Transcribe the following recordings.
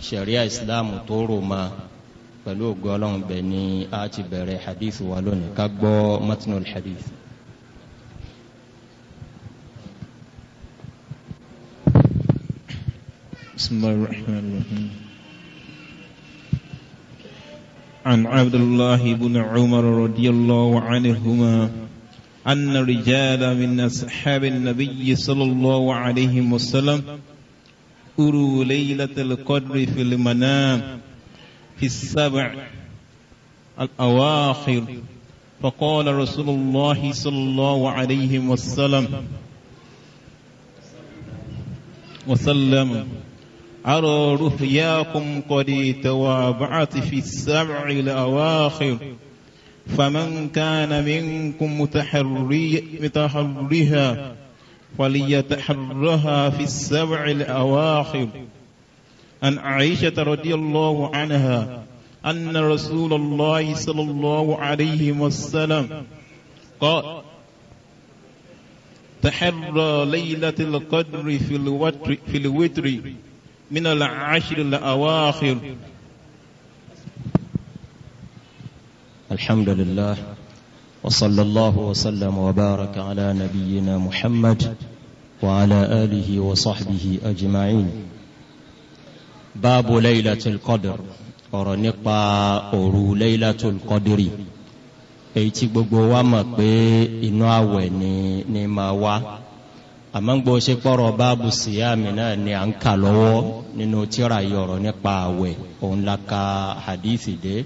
sharia islam tó rò ma pẹ̀lú ògo Ọlọ́run bẹ̀ ni a ti bẹ̀rẹ̀ hadith wa lónìí ká gbọ́ matnul hadith. بسم الله الرحمن الرحيم عن عبد الله بن عمر رضي الله عنهما أن رجالا من أصحاب النبي صلى الله عليه وسلم اذكروا ليلة القدر في المنام في السبع الأواخر فقال رسول الله صلى الله عليه وسلم وسلم أرى رفياكم قد توابعت في السبع الأواخر فمن كان منكم متحري متحريها وليتحرها في السبع الأواخر عن عائشة رضي الله عنها أن رسول الله صلى الله عليه وسلم قال تحرى ليلة القدر في الوتر, في الوتر من العشر الأواخر الحمد لله وصلى الله وسلم وبارك على نبينا محمد وعلى آله وصحبه أجمعين باب ليلة القدر ورنقى أرو ليلة القدر èyí gbogbo wa mọ̀ pé inú àwẹ̀ ni ni máa wá àmọ́ ń gbọ́ ṣe pọ̀rọ̀ báàbù síyáàmì náà ni à ń kà lọ́wọ́ nínú tíra yìí ọ̀rọ̀ nípa àwẹ̀ òun la ka hadithi dé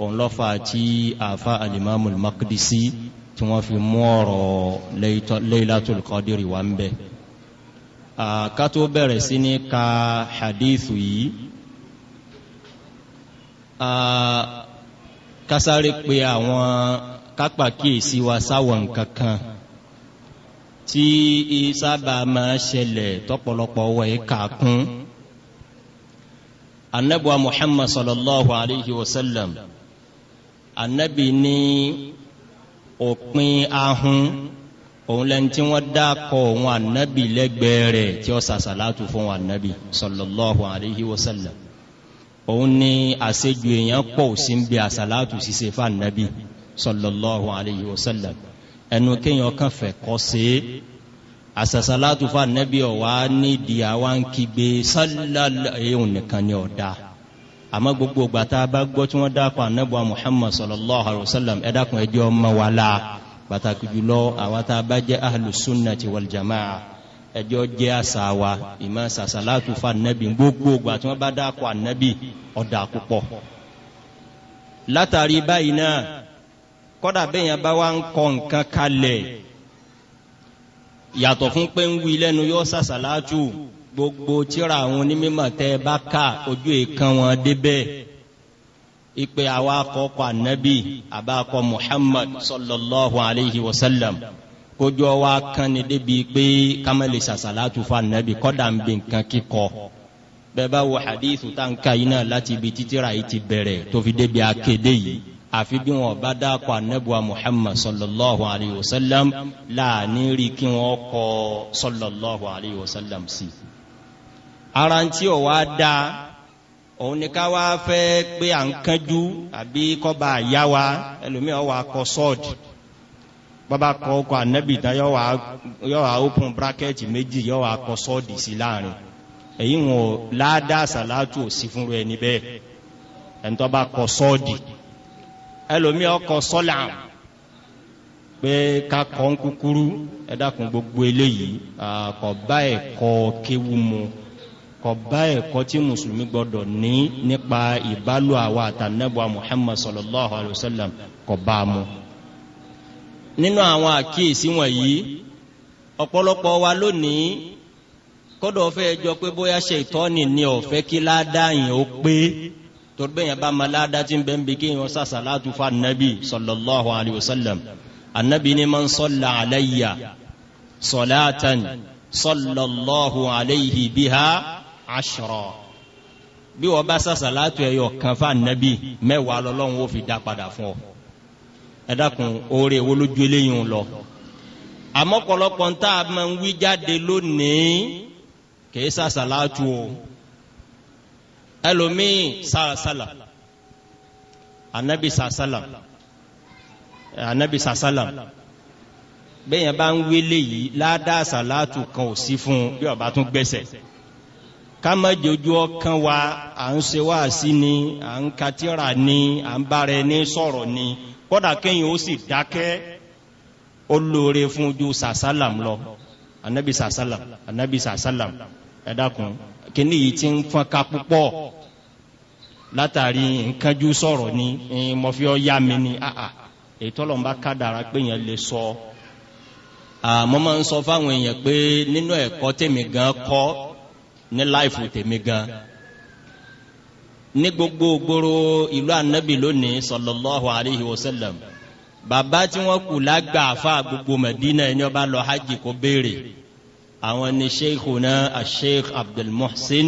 òun lọ́fà tí àfa alimami makidisi tí wọ́n fi mú ọ̀rọ̀ leilatul qadiri wa ń bẹ̀. kátó bẹ̀rẹ̀ sí ní ka hadithu yìí kásáré pé àwọn kápákíyèsí wa sáwọn nǹkan kan tí sábà máa ṣẹlẹ̀ tọ́pọ̀lọpọ̀ wọ̀ ẹ́ kàkún anabuwa muhammad sallallahu alayhi wa sallam anabi ní òpin ahun òun lẹni tí wọ́n dá kọ òun anabi lẹ́gbẹ̀ẹ́ rẹ̀ tí ó sàṣàlátù fún anabi sallallahu alayhi wa sallam òun ní àṣejù èèyàn pọ̀ sí ń bi àṣàlátù ṣiṣe fún anabi sallallahu alayhi wa sallam ẹnu kéèyàn kan fẹ́ kọ́ sí i àṣàṣàlátù fún anabi ọ̀wá nídìí àwa ń kígbe sallallahu alayhi wa nìkan ni ọ̀dà àmọ́ gbogbo ìgbà tá a bá gbọ́ tí wọ́n dákọ̀ anábọ̀ muhammad sallallahu alayhi wa sallam ẹ dákun ẹ jẹ́ ọmọ wa la pàtàkì jùlọ àwa tá a bá jẹ́ ahlùsúnà ti wàlìjàmáà ẹ jẹ́ ọ jẹ́ àṣà wa ìmọ̀ sàṣàlátù fa anábì gbogbo ìgbà tí wọ́n bá dákọ̀ anábì ọ̀dà púpọ̀ látàrí báyìí náà kọ́dà bẹ́yẹn bá wá ń kọ nǹkan kalẹ̀ yàtọ̀ fún pé ń gbogbo tíra àwọn onímọ̀ tẹ bá ká ojú ìkan wọn débẹ̀ ìpè àwa kọ́kọ́ ànábì àbákọ́ Muhammad sallallahu alayhi wa sallam kójú ọwọ́ akanni débi pé kámẹ́lì sàṣàlátù fún ànábì kọ́dà ń bè nǹkan kíkọ́ bẹ́ẹ̀ bá wo hadith tá n ka yìí náà láti ibi títíra yìí ti bẹ̀rẹ̀ tó fi débi akéde yìí àfi bí wọn bá dákọ̀ anabuwa muhammad sallallahu alayhi wa sallam láàánú rí kí wọn kọ sallallahu alayhi wa sallam sí i. ara ń tí ò wá da òun ni ká wá fẹ́ pé à ń kánjú àbí wa ẹlòmíràn wà kọ sọ́ọ̀dì kọ ọkọ̀ yọ wà open bracket méjì yọ wà kọ sọ́ọ̀dì sí láàrin èyí wọn ò ládàá ẹni bẹ́ẹ̀ bá sọ́ọ̀dì sọ́là pé ń kúkúrú gbogbo eléyìí àkọ́bá kéwu mu kọba ẹ̀kọ́ tí mùsùlùmí gbọ́dọ̀ ní nípa ìbálò àwa àtànẹ́bùa muhammad sallallahu alayhi wa sallam kọba mu. nínú àwọn àkíyèsí wọ̀nyí ọ̀pọ̀lọpọ̀ wa lónìí kọ́dọ̀ fẹ́ jọ pé bóyá ṣe ìtọ́ni ni ọ̀fẹ́ kí ládàáyìn ó pé torí bẹ́ẹ̀ yẹn bá ma ládàá tí ń bẹ́ẹ̀ ń bi kéèyàn sàṣà láti fa anabi sallallahu alayhi wa sallam anabi ni man sọ̀la alayya sọ̀láàtàn sallallahu alayhi biha ashra bí wọ́n bá sàṣà látò ẹ̀yọ̀ kan fún ànábì mẹ́wàá lọ́lọ́run ó fi dá padà fún ọ ẹ dákun oore wo lójú eléyìí ń lọ àmọ́ ń tá a máa ń wí jáde lónìí kìí sàṣà látò o ẹlòmíì sàṣàlà ànábì sàṣàlà ànábì sàṣàlà bẹ́ẹ̀ yẹn bá ń wí léyìí ládàá sàlátù kan ò sí fún un bí ọba tún gbẹ́sẹ̀ kama jojú ọkàn wa à ń ṣe wá sí ni à ń katira ni à ń bára ẹni sọ̀rọ̀ ni kódà kéyìn ó sì dákẹ́ ó lóore fún ju sàsálàm lọ anabi sàsálàm anabi sàsálàm ẹ dákun kíní ti ń fọnká púpọ̀ látàrí nkanjú sọ̀rọ̀ ni mọ̀fí ọ̀yá mi ni àà èyí tọ́lọ̀ ń bá kádàrá pé yẹn lè sọ àmọ́ máa ń fáwọn èèyàn pé nínú ẹ̀kọ́ tèmi gan kọ́ ní láìfù tèmi gan ní gbogbo gbòòrò ìlú anabi lónìí sallallahu alayhi wa sallam bàbá tí wọn kù lágbà àfa gbogbo Madina ẹni ọba lọ hajj kó béèrè àwọn ni sheikhuna asheikh abdulmuhsin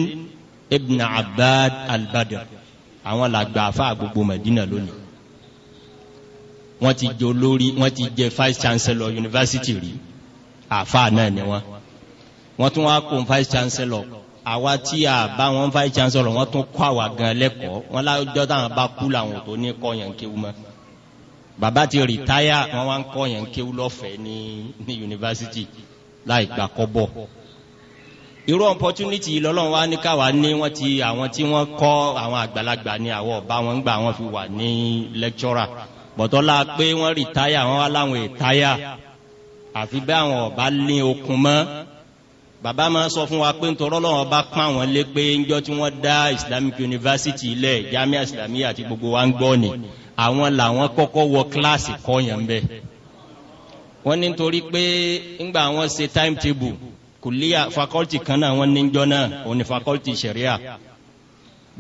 ibn abbad albadr àwọn làgbà àfa gbogbo Madina lónìí wọn ti jẹ olórí wọn ti jẹ vice chancellor university rí àfa náà ni wọn wọn tún wá kó vice chancellor àwa tí a bá wọn fáyé chancellor wọn tún kọ́ àwa gan lẹ́kọ̀ọ́ wọn lájọ́ táwọn bá kú làwọn tó ní kọ́ yẹn kéwu mọ́ bàbá ti rìtáyà wọn wá ń kọ́ yẹn kéwu lọ́fẹ̀ẹ́ ní ní yunifásitì láì gbà kọ́ bọ̀ irú opportunity lọ́lọ́run wá ní káwa ní wọ́n ti àwọn tí wọ́n kọ́ àwọn àgbàlagbà ni àwọn ọba wọn gbà wọn fi wà ní lecturer bọ̀tọ́lá pé wọ́n rìtáyà wọn wá láwọn ìtáyà àfi bẹ́ àwọn ọba lé okun mọ́ bàbá máa sọ fún wa pé ntọ́rọ́ lọ́wọ́ bá pọ́n àwọn lé pé ńjọ́ tí wọ́n dá islamic university ilẹ̀ jamia islamiyya àti gbogbo wa ń gbọ́ ni àwọn làwọn kọ́kọ́ wọ kíláàsì kọ́yàn bẹ́ẹ̀ wọ́n ní torí pé ńgbà wọn ṣe timetable kùlíà faculty kan náà wọ́n ní ńjọ́ náà òun ni faculty sharia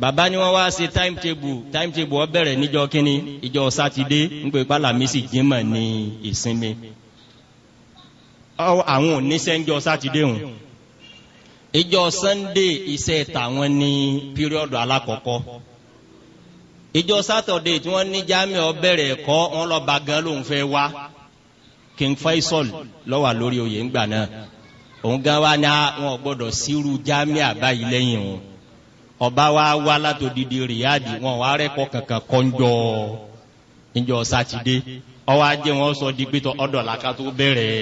bàbá ni wọ́n wá ṣe timetable timetable ọ bẹ̀rẹ̀ níjọ́ kínní ìjọ sátidé ń pè pálámísì jimá ní ìsinmi àwọn ò ní sẹ́ńjọ́ sátidé hùn ìjọ sunday iṣẹ́ tàwọn ní píríọ̀dù alákọ̀ọ́kọ́ ìjọ saturday tí wọ́n ní jamiu ọbẹ̀rẹ̀ ẹ̀kọ́ wọn lọ bá gan lóun fẹ́ wá king faisal lọ́wọ́ lórí oyè ńgbà náà òun gan wa ní àwọn gbọ́dọ̀ sírú jamiu àbáyé lẹ́yìn òun ọba wa wá látòdìdí riyadi wọn wà rẹ́kọ̀ kankan kọ́njọ́ ìjọ sátidé ọwọ́ ajé wọn sọ di pé làkàtó bẹ̀rẹ̀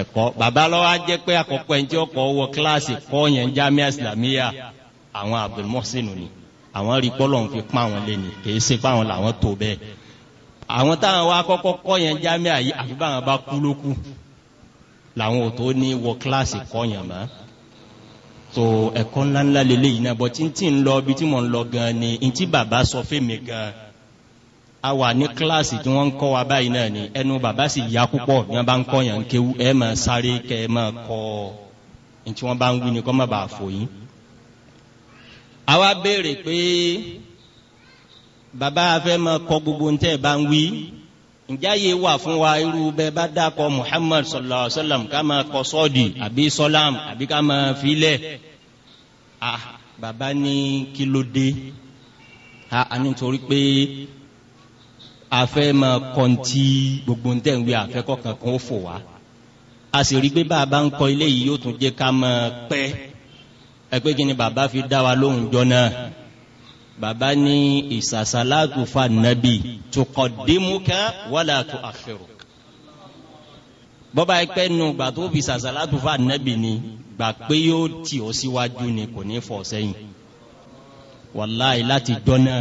ẹ̀kọ́ bàbá lọ́wọ́ á jẹ́ pé àkọ́kọ́ ẹni tí ó kọ́ wọ kíláàsì kọ́ yẹn jamiu islamiyya àwọn abdulmohsen ni àwọn rí pọ́lọ̀ ń fi pa àwọn lé ni kì í ṣe pa àwọn làwọn tó bẹ́ẹ̀ àwọn táwọn wa kọ́kọ́ kọ́ yẹn jamiu yìí àfi báwọn bá kú làwọn ò tó ní wọ kíláàsì kọ́ yẹn mọ́ tó ẹ̀kọ́ ńláńlá lélẹ́yìn náà bọ́ tí ń tì tí mò ń gan ni ntí bàbá sọ fún mi gan a wà ní kíláàsì tí wọ́n ń kọ́ wa báyìí náà ni ẹnu bàbá sì ya púpọ̀ ní wọ́n bá ń kọ́ yàn ń kéwú ẹ máa sáré kẹ ẹ máa kọ́ ní tí wọ́n bá ń wí ni kọ́ má bàa fò yín. a wá béèrè pé bàbá afẹ́ máa kọ́ gbogbo ní ẹ bá ń wí ǹjẹ́ àyè wà fún wa irú bẹ́ bá dákọ̀ Muhammad sallallahu alayhi wa sallam ká máa kọ́ sọ́ọ̀dì àbí sọ́lám àbí ká máa filẹ̀ ah bàbá ní kí ló dé ah afẹ́ máa kọ́ntì gbogbo ntẹ̀ ń wí afẹ́ kọ̀ọ̀kan kan ó fò wá a sì rí pé bàbá ń kọ́ ilé yìí yóò tún jẹ́ ká máa pẹ́ ẹ pé kí ni bàbá fi dá wa lóhùn jọ náà bàbá ní ìsàsàlátù fa nàbì tukọ̀dímúkà wàlà tu àfẹ́rù bọ́bá ẹgbẹ́ nu gbà tó fi ìsàsàlátù fa nàbì ni gbà pé yóò tì ó síwájú ni kò ní fọ̀ sẹ́yìn wàláì láti jọ́nà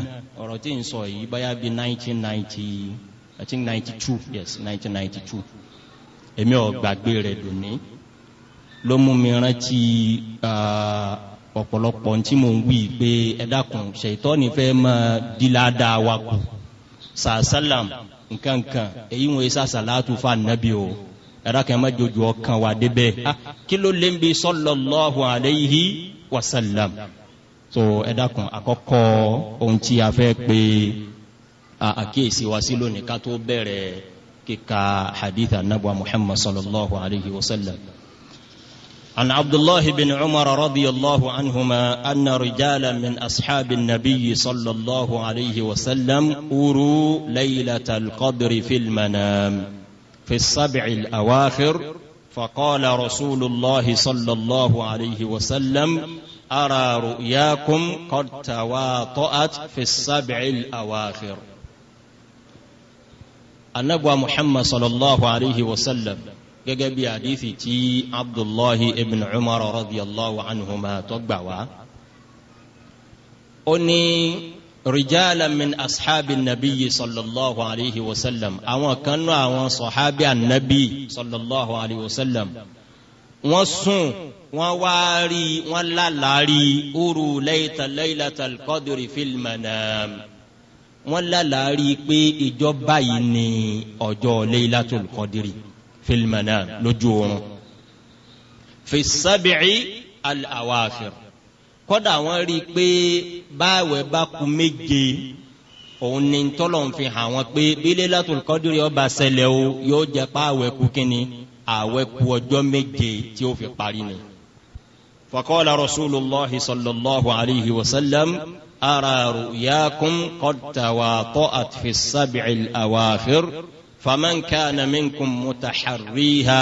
ọ̀rọ̀ tí ń sọ yìí báyá bí 1990 i think 92 yes 1992 èmi ò gbàgbé rẹ̀ lónìí ló mú mi rántí ọ̀pọ̀lọpọ̀ tí mò ń wí pé ẹ̀dàkùn ṣètọ́ ní fẹ́ mọ́ díládàá wa kù sàásálàm nkankan èyí wọn yìí sàṣàlátù fún anabi o ẹ̀dàkùn ẹ̀ má jojú ọkàn wa débẹ̀ ah, kí ló lé ń bi sọ́lọ́lọ́hùn àlẹ́ yìí wàsálàm so ẹ dákun àkọ́kọ́ ohun tí a fẹ́ pé àkíyèsí wa sí lónìí ká tó bẹ̀rẹ̀ kíka hadith anabuwa muhammad sallallahu alayhi wa sallam. عن عبد الله بن عمر رضي الله عنهما أن رجالا من أصحاب النبي صلى الله عليه وسلم أوروا ليلة القدر في المنام في السبع الأواخر فقال رسول الله صلى الله عليه وسلم ara ru'yakum qad tawata'at fi as-sab'il awakhir anagba muhammad sallallahu alayhi wa sallam gẹ́gẹ́ bí àdífì tí abdullahi ibn umar radiyallahu anhuma tó gbà wá ó ní rìjálà min ashabi nabiyyi sallallahu alayhi wa sallam àwọn kan náà àwọn sọ̀hábí annabi sallallahu alayhi wa sallam wọ́n sùn wọ́n wá rí wọ́n lálàárí uru layta laylatal qadri fil manam wọ́n lálàárí pé ìjọba yìí ni ọjọ́ laylatul qadri fil manam lójú oorun fi sábìí al-awafir kọ́dà wọ́n rí i pé báwẹ̀ bá ku méje òun ni tọ́lọ̀ ń fi hàn wọ́n pé bí Laylatul Qadri ọba ṣẹlẹ̀ o yóò jẹ́ pàwẹ̀ kú kínní àwẹ̀ ku ọjọ́ méje tí ó fi parí ni. fakọ́lá rasulillah sallallahu alayhi wa sallam ara ruyakum kọ́tàwá tó àti sábìcì àwàfir faman kana minkum mutaxarriha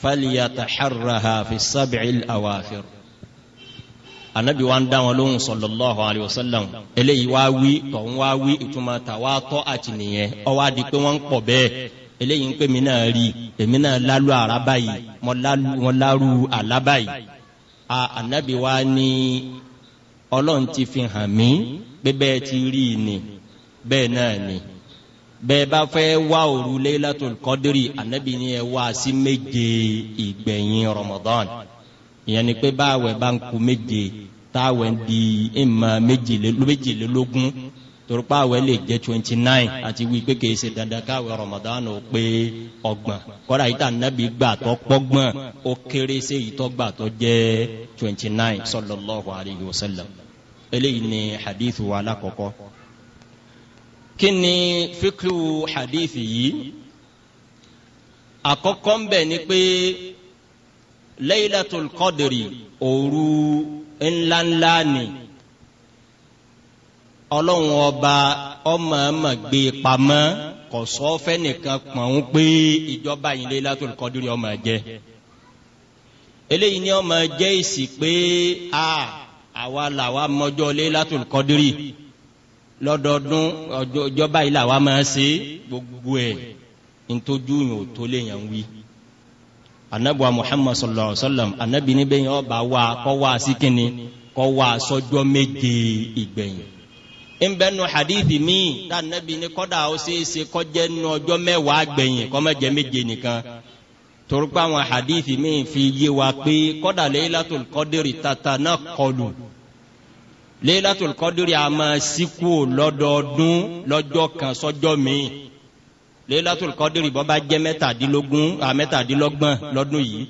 falyataxarraha fi sábìcì àwàfir. anabi wa ń dá wọn lóhùn sallallahu alayhi wa sallam eléyìí wá tọ̀hún wá wí ìtumọ̀ tàwa tọ́ àti nìyẹn ó di pé wọ́n ń bẹ́ẹ̀ eléyìí ń pè mí náà rí èmi náà lálù àràbà yìí mo lálù àlábà yìí a ànábì wa ní ọlọ́run ti fi hàn mí pé bẹ́ẹ̀ ti rí i ni bẹ́ẹ̀ náà ni bẹ́ẹ̀ bá fẹ́ wá òru Laylatul Qadri ànábì ni ẹ wá sí méje ìgbẹ̀yìn Ramadan ìyẹn ni pé báwẹ̀ bá ń ku méje táwẹ̀ ń di ìmọ̀ méjìlélógún torípa àwẹ̀ lè jẹ́ twenty nine àti wí pé kìí ṣe dandan káwẹ̀ Ramadan ò pé ọgbọ̀n kọ́ra yìí tà nábì gbà tó pọ́gbọ̀n ó kéré sí èyí twenty nine sallallahu alayhi wa sallam eléyìí ni hadithu wa alákọ̀ọ́kọ́ kí ni fíkú hadithi yìí àkọ́kọ́ ń bẹ ni pé laylatul qadri òru ńláńlá ni ọlọ́run ọba ọmọ ọmọ gbé e pamọ́ kò sọ fẹ́nìkan pọ̀n ń pé ìjọba yìí lé látòlù kọ́dúrì ọmọ jẹ eléyìí ni ọmọ jẹ èsì pé a àwa làwa mọjọ lé látòlù kọ́dúrì lọ́dọọdún ìjọba yìí làwa máa ṣe gbogbo ẹ̀ ntójú yìí ò tó léèyàn wí anabuwa muhammad sallallahu alaihi wa sallam anabi níbẹ̀ yẹn ọba wa kọ́ wa sí kọ́ wa sọ́jọ́ méje ìgbẹ̀yìn ń hadithi míì tá a nẹbi ni kọ́dà ó ṣe é ṣe kọjẹ́ nu ọjọ́ mẹ́wàá gbẹ̀yìn kọ́mẹ́jẹ́ méje nìkan torúkọ hadithi míì fi yé wa pé kọ́dà Laylatul Qadri tata na kọlù Laylatul Qadri a máa síkú lọ́dọọdún lọ́jọ́ kan sọ́jọ́ míì Laylatul Qadri bọ́ bá jẹ́ mẹ́tàdínlógún àmẹ́tàdínlọ́gbọ̀n lọ́dún yìí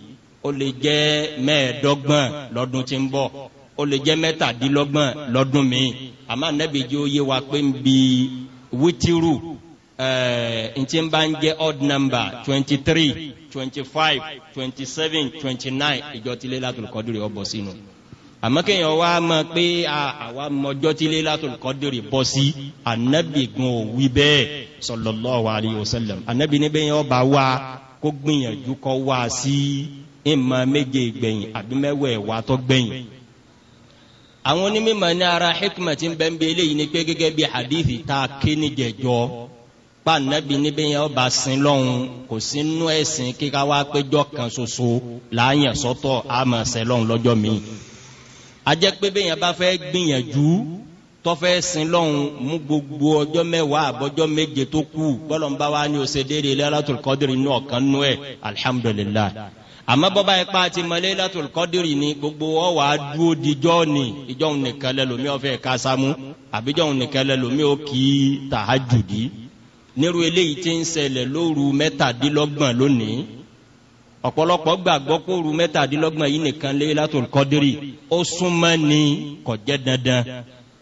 ó lè jẹ́ mẹ́ẹ̀ẹ́dọ́gbọ̀n lọ́dún tí ń bọ̀ ó lè jẹ́ mẹ́tàdínlọ́gbọ̀n lọ́dún mi àmọ́ anabi jẹ́ oyé wa pé ń bi wítírù ntí eh, n bá ń jẹ́ odd number twenty three twenty five twenty seven twenty nine ìjọ tí Laylatul Qadri ọ̀bọ̀ sínú àmọ́ kéèyàn wá mọ̀ pé àwa mọjọ́ tí Laylatul Qadri bọ́ sí sallallahu alayhi wa sallam anabi ní bẹ́ẹ̀ yẹn ọba wa kó gbìyànjú kọ́ wá sí ìmọ̀ méje gbẹ̀yìn àbí mẹ́wẹ̀ẹ́ àwọn onímọ̀ ní ara hikma ti ń bẹ́ẹ̀ bí eléyìí ni pé gẹ́gẹ́ bí hadithi ta kéne jẹjọ pa nabi níbi yẹn ọba sin lọ́hùn kò sínú ẹ̀sìn kíkà wá péjọ kan ṣoṣo láàyàn sọ́tọ̀ àmọ̀ sẹ́lọ́hùn lọ́jọ́ mi. ajẹ́ pé bẹ́ẹ̀ yẹn bá fẹ́ gbìyànjú tọ́fẹ́ sin lọ́hùn mú gbogbo ọjọ́ mẹ́wàá àbọ̀jọ́ méje tó kù bọ́lọ̀ ń bá wa ní o ṣe déédéé lẹ́yìn Lailatul Qadri inú ọ̀kan nú ẹ̀ alihamudulilayi àmọ́ bọ́bá ipá ti mọ̀lẹ́ látòlù kọ́dírì ni gbogbo ọ wà á dúró dijọ́ ni ìjọ́hun nìkan lẹ́lòmí ọ̀fẹ́ kásámú àbíjọ́hun nìkan lẹ́lòmí ó kì í tàhájùdí nírú eléyìí ti ń ṣẹlẹ̀ lóru mẹ́tàdínlọ́gbọ̀n lónìí ọ̀pọ̀lọpọ̀ gbàgbọ́ kóru mẹ́tàdínlọ́gbọ̀n yìí nìkan lé látòlù kọ́dírì ó súnmọ́ ni kò jẹ́ dandan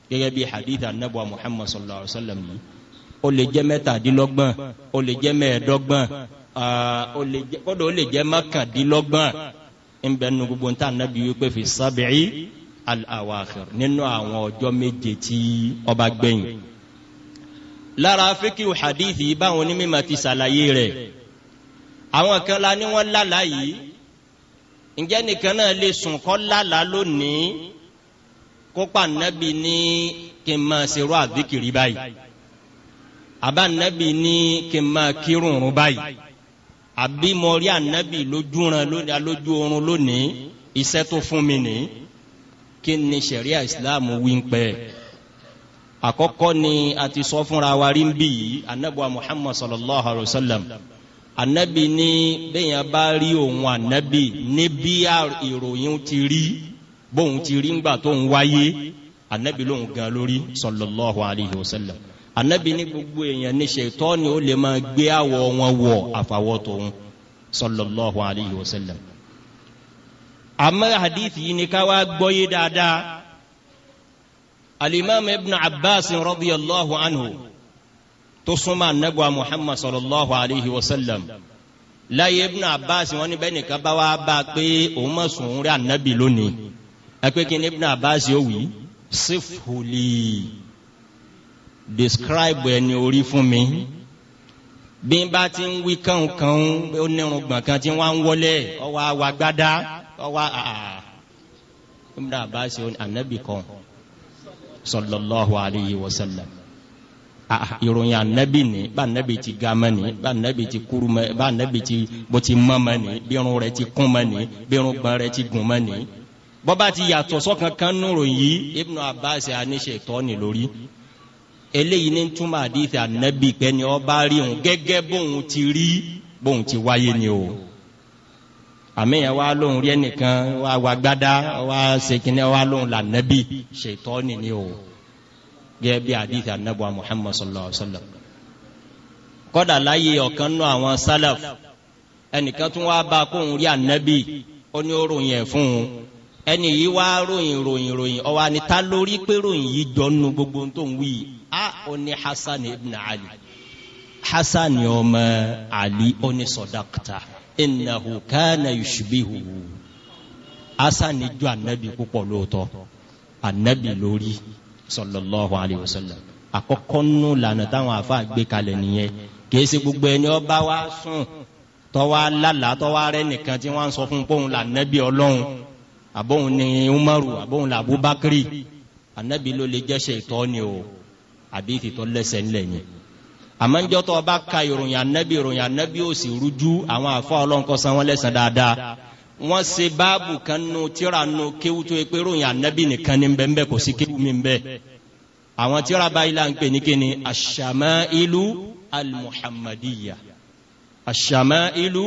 gẹ́gẹ́ bí hadith anabuwa muhammad sallallahu alayhi wa sallam yìí ó lè jẹ́ mẹ́tàdínlọ́gbọ̀n ó lè jẹ́ mẹ́ẹ̀ẹ́dọ́gbọ̀n kọ́dọ̀ ó lè jẹ́ mọ́kàndínlọ́gbọ̀n ńbẹ́nu gbogbo ń tà nábì wípé fi sábẹ́ẹ́ al-awakhir nínú àwọn ọjọ́ méje tí ọba gbẹ̀yìn lára fíkìú hadithi báwọn onímọ̀ ti ṣàlàyé rẹ̀ àwọn kan la ní wọ́n lálàá yìí ǹjẹ́ nìkan náà lè sùn kọ́ lálàá lónìí kópa nàbì ní kí n máa ṣerú àdìkìrì báyìí àbá nàbì ní kí n máa kírun báyìí àbí mo rí ànábì lójú ran lónìí alójú oorun lónìí iṣẹ́ tó fún mi ní kí ni sẹ̀ríà islam wí ń pẹ́ àkọ́kọ́ ni a ti sọ fúnra wa rí ń bì yìí anábùa muhammad sallallahu alayhi wa sallam anabi ní bẹ́yìn bá rí òun anabi ní bí ìròyìn ti rí bóun ti rí ńgbà tó ń wáyé anabi lóun gan lórí sallallahu alayhi wa sallam anabi ní gbogbo èèyàn ní ṣètọ́ni ó lè máa gbé àwọ̀ wọn wọ̀ àfàwọ̀ tòun sallallahu alayhi wa sallam. àmọ́ hadithi yìí ni ká wá gbọ́yé dáadáa alimami ibn abbas radiyallahu anhu tó súnmọ́ anagba muhammad sallallahu alayhi wa láyé ibn abbas wọn ní bẹ́ẹ̀ nìkan bá wá bá a pé òun mọ̀ sùn rí anabi lónìí ẹ pé kí ni ibn abbas yóò wí sífùlì describe ẹni orí fún mi bí n bá ti ń wí kànkàn ó ní irùngbọ̀n kan tí wọ́n á ń wọlé ọwọ́ àwa gbádá ọwọ́ àà ibùdó àbáṣe ànábì kan sallallahu alayhi wa sallam ah, ah, ìròyìn ànábì ni bá ànábì ti ga mọ́ ni bá ànábì ti kúrú mọ́ bá ànábì ti bó ti mọ́ mọ́ ni bí irun rẹ̀ ti kún mọ́ ni bí irun gbọ́n rẹ̀ ti gùn mọ́ ni bọ́bá ti yàtọ̀ sọ́kàn kan nù ròyìn ibùdó àbáṣe àníṣe tọ́ ni lórí eléyìí ní túmọ̀ àdìsí ànábì pé ni ọ bá rí òun gẹ́gẹ́ bóun ti rí bóun ti wáyé ni o àmì yẹn wá lóhùn rí ẹnìkan wá wá gbádá wá ṣèkínní wá lóhùn lànàbì ṣètọ́ nìyí o gẹ́gẹ́ bí àdìsí ànábì wa muhammad sallallahu alaihi wa sallam kọ́dà láyé ọ̀kan nú àwọn sálàf ẹnìkan tún wá bá kóhùn rí ànábì ó ní ó ròyìn ẹ̀ fún un ẹnì yìí wá ròyìn ròyìn ròyìn ọwọ́ àníta lórí pé ròyìn yìí jọ nínú gbogbo tó ń wí yìí a oní hasan ibn ali hasan ọmọ ali oní sọdakta innahu kana yushbihu hasan ju anabi púpọ̀ lóòótọ́ anabi lórí sallallahu alayhi wa sallam àkọ́kọ́ nù lànà táwọn afa gbé kalẹ̀ nìyẹn kìí gbogbo ẹni ọba wa sùn tọ́wá lálà tọ́wá rẹ nìkan tí wọ́n sọ fún pòun là nẹ́bí ọlọ́run àbóhun ni umaru àbóhun là abubakari anabi ló lè jẹ́ ṣe ìtọ́ ni o àdìsí tó lẹ́sẹ̀ ńlẹ̀ ni àmọ́njọ́ tó bá ka ìròyìn ànábì ìròyìn ànábì ó sì rújú àwọn àfọ́ ọlọ́nkọ́sán wọn lẹ́sẹ̀ dáadáa wọ́n ṣe báàbù kan nu tíra nu kéwu tó yẹ pé ròyìn ànábì nìkan ní bẹ́ẹ̀ bẹ́ẹ̀ kò sí kéwu mi bẹ́ẹ̀ àwọn tíra báyìí là ń pè ní kíni aṣàmáìlú almuhammadiya aṣàmáìlú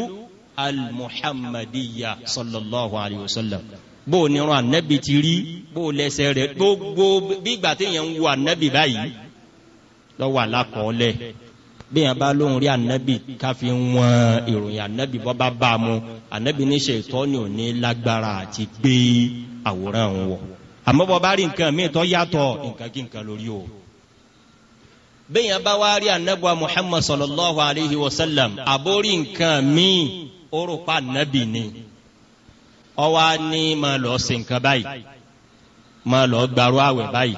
almuhammadiya sallallahu alayhi wa sallam bó o ní ran ànábì ti rí bó o lẹ́sẹ̀ rẹ̀ gbogbo bí ìgbà téèyàn ń wo ànábì báyìí lọ́wọ́ alákọ̀ọ́lẹ̀ bí yẹn bá lóhùn rí ànábì ká fi wọn ìròyìn ànábì bọ́ bá bá a mu ànábì ní ṣètọ́ ni ò ní lágbára àti gbé àwòrán òun wọ̀ àmọ́ bọ́ bá rí nǹkan míì tó yàtọ̀ nǹkan kí nǹkan lórí o. bí yẹn bá wá rí ànábì wa muhammad sallallahu alayhi wa sallam àbórí nǹkan míì ó rò pa ànábì ni ọwọ́ á ní máa lọ sí nǹkan báyìí máa lọ gbarú àwẹ̀ báyìí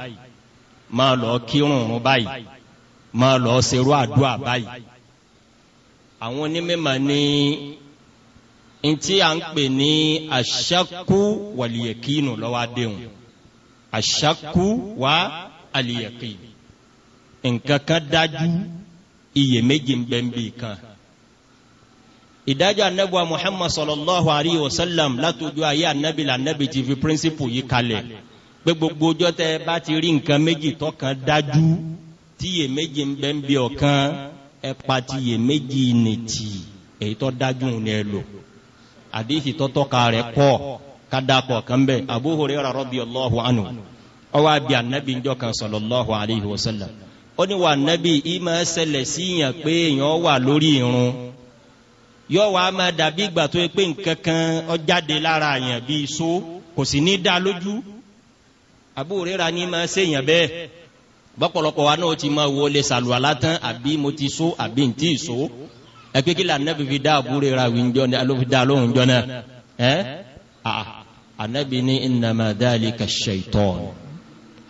máa lọ kírun báyìí Ma lọ ṣerú àdúrà báyìí àwọn onímọ̀ ní ntí à ń pè ní aṣakú wàlìyẹ̀kínu lọ́wọ́ adéhùn aṣakú wà àlìyẹ̀kí nǹkan kan dájú iyèméjì ń bẹ́ ń bì kan ìdájọ́ anabi wa muhammad sallallahu alayhi wa sallam látọjú ayé anabi la anabi ti fi píríncípù yìí kalẹ̀ pé gbogbo ọjọ́ tẹ bá ti rí nǹkan méjì tọkàn dájú tíye méjì ń bẹ́ ń bí ọ̀kan ẹ pa tíye méjì ní èyí tó dájú ní ẹ lò àdéhì tọ́tọ́ka rẹ̀ pọ̀ kádàpọ̀ kan bẹ́ẹ̀ Abu Hurairah radiyallahu anhu ọwọ́ àbí ànábì ń jọkan sallallahu alayhi wa sallam ó ní wà nábì ìmọ̀ ẹsẹ̀lẹ̀ síyàn pé èèyàn wà lórí irun yóò wá máa dàbí ìgbà tó yẹ pé nǹkan kan ó jáde lára àyàn bíi so kò sì ní dá lójú Abu Hurairah ní máa ṣèyàn bẹ́ẹ̀ bọ́pọ̀lọpọ̀ wa náà ti máa wọlé sàlùwàlá tán àbí mo ti so àbí n tí ì so ẹ pé kí la anabi fi dá àbúrò ra wí njọ náà ló fi dá lóhùn njọ náà ẹ anabi ní innama dhalika shaitan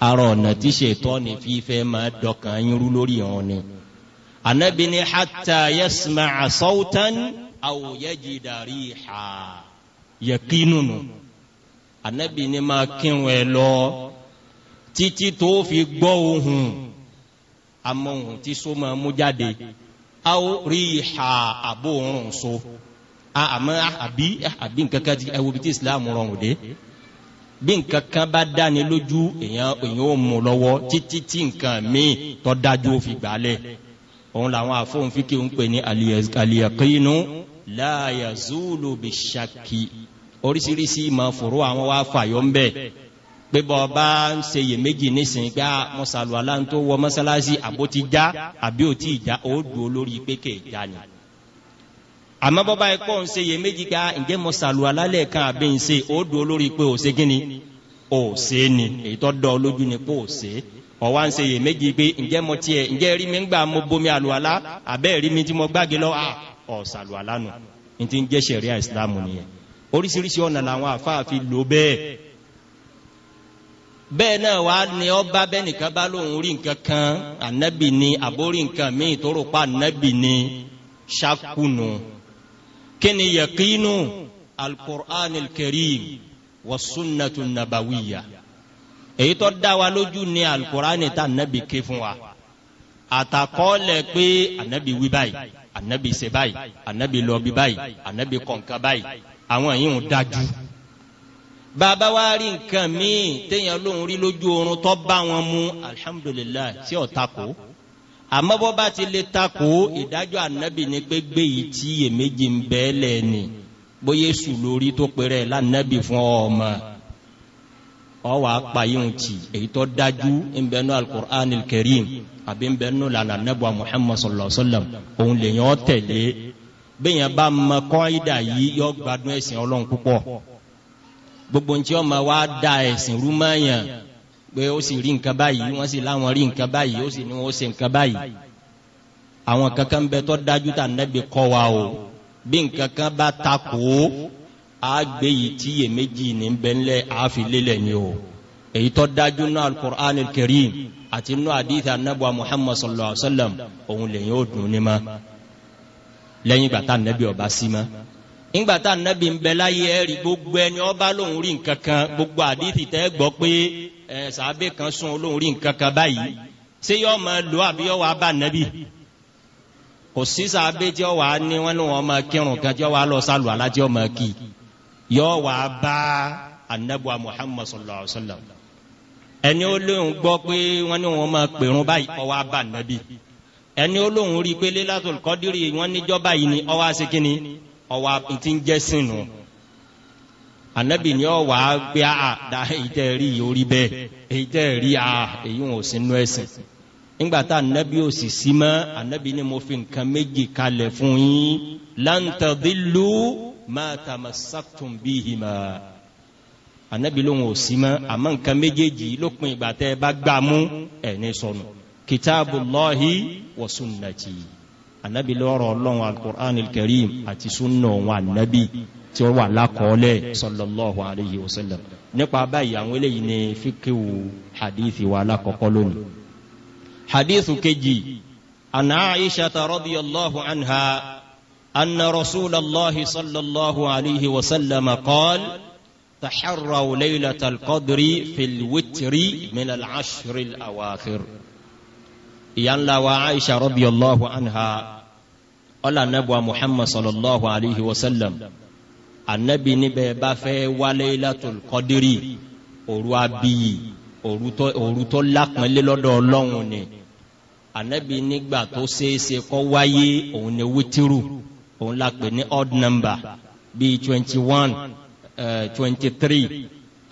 arọ ọ̀nà tí shaitan fi fẹ́ máa dọkàn yín rú lórí ni anabi ní hatta yasma'a sawtan aw yajida riha yakinunu anabi ní máa kírun ẹ títí tó fi gbọ́ ohun àmọ́ ohun tí so máa mú jáde a ó rí ìhà àbò òórùn so àmọ́ àbí àbí nǹkan kan ti ẹwọ́ bí tí islam rọrùn dé bí nǹkan kan bá dáni lójú èèyàn èèyàn ò mú lọ́wọ́ títí tí nǹkan míì tó dájú ó fi gbálẹ̀ òun làwọn àfọ̀hún fi kí pè ní àlìyàkínú láàyà zúlù bí oríṣiríṣi ìmọ̀ fòrò àwọn wá fàyọ̀ ń bẹ́ẹ̀ pé bọ́ bá ń se yè méjì nísìnyí pé ah, mọ́sálù aláǹtó wọ mọ́sálásí àbó ti já àbí ò tí ì já ó dùn lórí pé kè já ni. àmọ́ bọ́ bá ẹ̀kọ́ ń se yè méjì pé ah, ǹjẹ́ mọ́sálù alálẹ̀ kan àbí ń se ó dùn lórí pé ò se gíní ò se ni èyí tó dọ̀ lójú ni pé ò se ọ̀wá ń se yè méjì ǹjẹ́ mo tiẹ̀ ǹjẹ́ rí mi ń gbà mo bomi àlùalá àbẹ́ rí mi tí mo gbági lọ ah, ọ̀sàlù alánu ní ti ń jẹ́ sẹ̀ríà ìsìlámù nìyẹn oríṣiríṣi ọ̀nà làwọn àfáà lò bẹ́ẹ̀ bẹ́ẹ̀ náà wàá ní ọba bẹ́nìkan bá lóun rí nǹkan kan ànábì ni àbórí nǹkan míì tó rò pa ànábì ni ṣakunu kíni yaqinu alukur'an alkarim wa sunnatu nabawiya èyí tó dá wa lójú ni alukur'an ta ànábì ké fún wa àtàkọ́lẹ̀ pé ànábì wí báyìí ànábì ṣe báyìí ànábì lọ bí báyìí ànábì kọ̀ǹkà báyìí àwọn yìí ń dájú bàbá wa rí nǹkan míì téèyàn lòún rí lójú oorun tó bá wọn mú alihamudulilayi tí ò takò àmọ́ bọ́ bá ti lè takò ìdájọ́ ànábì ni pé gbé yìí tí èméjì ń bẹ́ẹ̀ lẹ̀ ni bóyá èsù lórí tó péré lànàbì fún ọmọ ọwọ́ apayéhùn tì èyí tó dájú ńbẹ́nu alukur'an kẹrin àbí ńbẹ́nu lànà nàbọ̀ muhammad sallallahu alayhi wa sallam òun lè yàn ọ́ tẹ̀lé bẹ́ẹ̀ yẹn bá mọ kọ́ ìdá yìí yọ gbádùn ẹ̀sìn ọlọ́run púpọ̀ gbogbo ntí ọmọ wa da ẹ̀sìn rúmọ̀yàn pé ó sì rí nǹkan báyìí wọ́n sì láwọn rí nǹkan báyìí ó sì ní wọ́n ṣe nǹkan báyìí àwọn kankan bẹ tó dájú tà nẹ́bi kọ́ wa o bí nǹkan kan bá ta kó a gbé yìí tí iyèméjì ní bẹ́ńlẹ̀ àfilélẹ̀ ni o èyí tó dájú nù alukur'an kẹrim àti nù hadith anabuwa muhammad sallallahu alaihi wa sallam òun lè yín ó dùn ní ma lẹ́yìn gbàtà nẹ́bi ọba sí ma nígbàtà nabi ń bẹ láyé ẹ̀rí gbogbo ẹni ọba lòun rí nǹkan kan gbogbo àdìsí tẹ́ gbọ́ pé ẹ sàbẹ̀ kan sún lòun rí nǹkan kan báyìí ṣé yọ ọmọ lò àbí yọ wà bá nàbì kò sí sàbẹ̀ tí ọ wà wọn wọn máa kírun kan tí ọ wà lọ sálù alájẹ ọmọ kì yọ wà bá anabuwa muhammad sallallahu alaihi wa sallam ẹni ó lóun gbọ́ pé wọn ní wọn máa pèrún báyìí ọ wà bá nàbì ẹni ó lóun pé lélátòlù kọ́dírì wọn níjọ́ báyìí ni ọ wá sí ọwọ́ ti ń jẹ́ sínú anabi ni ọ wàá gbé a da èyí tẹ́ rí yìí orí bẹ́ẹ̀ èyí tẹ́ rí a èyí wọn ò sínú ẹ̀sìn nígbà tá anabi ò sì sí mọ́ anabi ni mo fi nǹkan méjì kalẹ̀ fún yín láǹtàdínlù máa tàmà sàkùn bíi anabi ló ń sí mọ́ àmọ́ nǹkan méjèèjì lópin ìgbà tẹ́ ẹ bá gbà mú ẹ̀ ní sọnù kìtàbù lọ́hìí anabi lọ́rọ̀ ọlọ́run alukur'an karim àti sunna wọn anabi tí ó wà lákọọ́lẹ̀ sallallahu alayhi wa sallam nípa báyìí àwọn eléyìí ni fíkìwù hadithi wa alákọ̀ọ́kọ́ lónìí. hadithu kejì an aisha radiyallahu anha anna rasulallah sallallahu alayhi wa sallam qaal taxarraw laylatal qadri fil witri min al-ashril ìyá ńlá wa aisha radiyallahu anha ọlá nẹ́bùa muhammad sallallahu alayhi wa sallam anabi níbẹ̀ bá fẹ́ wá laylatul qadri òru abiyi òru tó lápẹ́lẹ́ lọ́dọ̀ ọlọ́run ni anabi nígbà tó ṣeéṣe kọ́ wáyé òun ni wítírù òun la pè ní odd number bíi twenty one eh, twenty three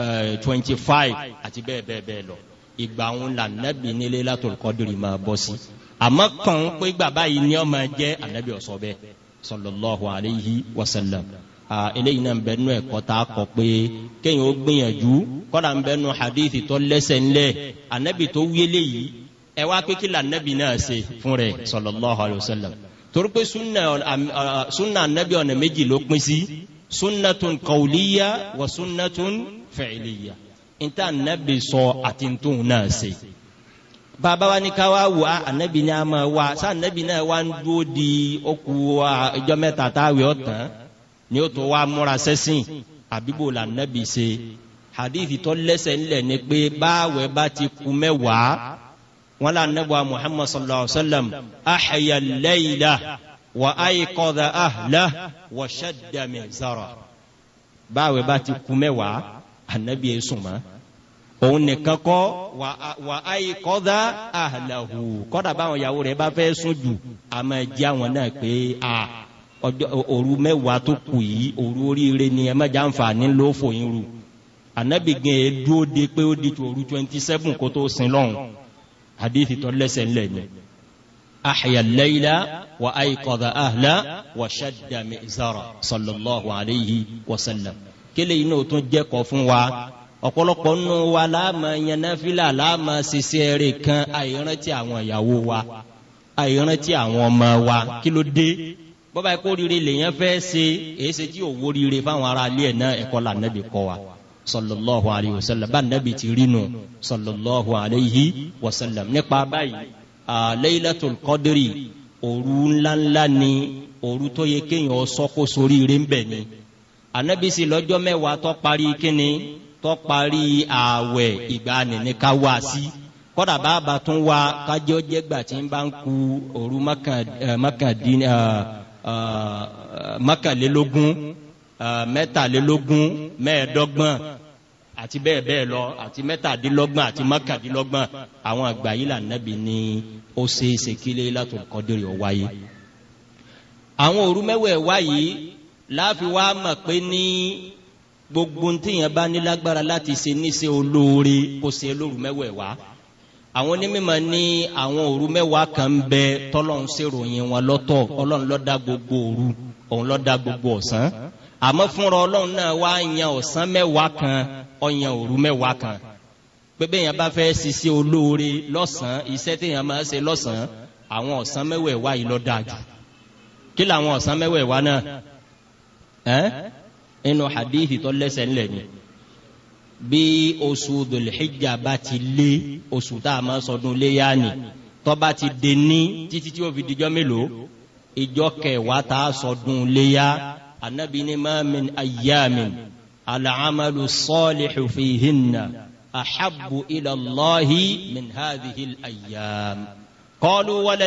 eh, twenty five àti bẹ́ẹ̀ bẹ́ẹ̀ bẹ́ẹ̀ lọ ìgbà òun là nẹ́bì nílé látòlù kọ́dìrì máa bọ́ sí àmọ́ kàn ń pé bàbá yìí ni ọ máa jẹ́ ànábì ọ̀sọ́ bẹ́ẹ̀ sọlọ́lọ́hu aleyhi wasalam eléyìí náà ń bẹ nú ẹ̀kọ́ tá a kọ pé kéèyàn ó gbìyànjú kọ́dà ń bẹ nú hadith tó lẹ́sẹ̀ ńlẹ̀ ànábì tó wíyélé yìí ẹ wá pé kí lànàbì náà ṣe fún rẹ̀ sọlọ́lọ́hu aleyhi wasalam torí pé sunna ànábì ọ̀nà méjì ló pín sí sunnatun kawliya wa sunnatun fẹ̀ẹ́lìyà níta ànábì sọ àti tóun náà ṣe bàbá wa ní ká wá wà ah, ànábì ní a máa wá sá ànábì náà wá ń dúró di okùn wa ìjọ mẹ́ta táwé ọ̀tàn ni ó tó wá múra sẹ́sìn àbíbò là ànábì ṣe hadithi tó lẹ́sẹ̀ ńlẹ̀ ni pé báwẹ̀ bá ti ku mẹ́wàá wọn là ànábì wa muhammad sallallahu alayhi wa sallam ahayà lẹ́yìnlá wà áyè kọ́dà ahlá wà ṣẹ́dàmì zara báwẹ̀ bá ti ku mẹ́wàá anabi yẹ sùn ma òun nìkan kọ wà wà ayi kọ́dà àhàlàhù kọ́dà báwọn yàwó rẹ̀ bá fẹ́ sùn jù àmọ́ ẹ̀jẹ̀ àwọn náà pé a ọjọ́ òru mẹ́wàá tó kù yìí òru oríire ni ẹ má jà ń fà ní ló ru anabi gan yẹ dúró de pé ó di tu òru twenty seven kó tó hadithi tó lẹ́sẹ̀ ńlẹ̀ ni ahya layla wa ayi kọ́dà àhàlà wa shadda mi zara sallallahu alayhi wa sallam kele yìí náà tún jẹ́ kọ́ fún wa ọ̀pọ̀lọpọ̀ nù wa láàmà yanáfílà láàmà ṣiṣẹ́ rẹ̀ kan àìrántí àwọn ìyàwó wa àìrántí àwọn ọmọ wa kí ló dé bọ́bá ẹ̀kọ́ rire lèyàn fẹ́ ṣe èéṣe tí òwò rire fáwọn ará ilé ẹ̀ náà ẹ̀kọ́ là nẹ́bi kọ́ wa sọlọlọ́hu alayhi wa sallam bá nẹ́bi ti rínu sọlọlọ́hu alayhi wa sallam nípa báyìí alaylatul qadri òru ńláńlá ni òru tó yẹ kéèyàn sọ́kó sórí rẹ̀ ni. Anabisi sì lọ́jọ́ mẹ́wàá tó parí kíni tó parí ààwẹ̀ ìgbà nìníkà wá sí kọ́dà bàbá tún wá kájọ́ jẹ́gbà tí ń bá ń ku òru mọ́kànlélógún mẹ́tàlélógún mẹ́ẹ̀ẹ́dọ́gbọ̀n àti bẹ́ẹ̀ bẹ́ẹ̀ lọ àti mẹ́tàdínlọ́gbọ̀n àti mọ́kàndínlọ́gbọ̀n àwọn àgbà yìí là nẹ́bi ní ó ṣe é ṣe kílé wáyé. àwọn òru mẹ́wẹ̀ẹ́ wáyé láàfin wa mọ̀ pé ní gbogbo ntìyẹn bá ní lágbára láti ṣe níṣe olóore kó ṣe lóru mẹ́wẹ̀ẹ̀wá àwọn onímọ̀ ní àwọn òru mẹ́wàá kan ń bẹ tọ́lọ́run ṣèròyìn wọn lọ́tọ̀ ọlọ́run ló dá gbogbo òru òun ló dá gbogbo ọ̀sán àmọ́ fúnra ọlọ́run náà wá yan ọ̀sán mẹ́wàá kan ọ̀yan òru mẹ́wàá kan pépé yẹn bá fẹ́ ṣiṣẹ́ olóore lọ́sàn-án iṣẹ́ téèyàn máa ṣe lọ́sàn-án àwọn ọ̀sán mẹ́wẹ̀ẹ̀wá yìí ló jù kí làwọn ọ̀sán mẹ́wẹ̀ẹ̀wá náà inú hadithi tó lẹ́sẹ̀ ńlẹ̀ ni bí oṣù dòlìhíjà bá ti lé oṣù tá a máa sọdún léyà ni tó bá ti dé ní títí tí ó fi dijọ́ mélòó ìjọ kẹwàá tá a sọdún léyà anabi ni ma min ayyamin al'amalu salihu fihinna ahabbu ila min hadhihi al-ayyam qalu wala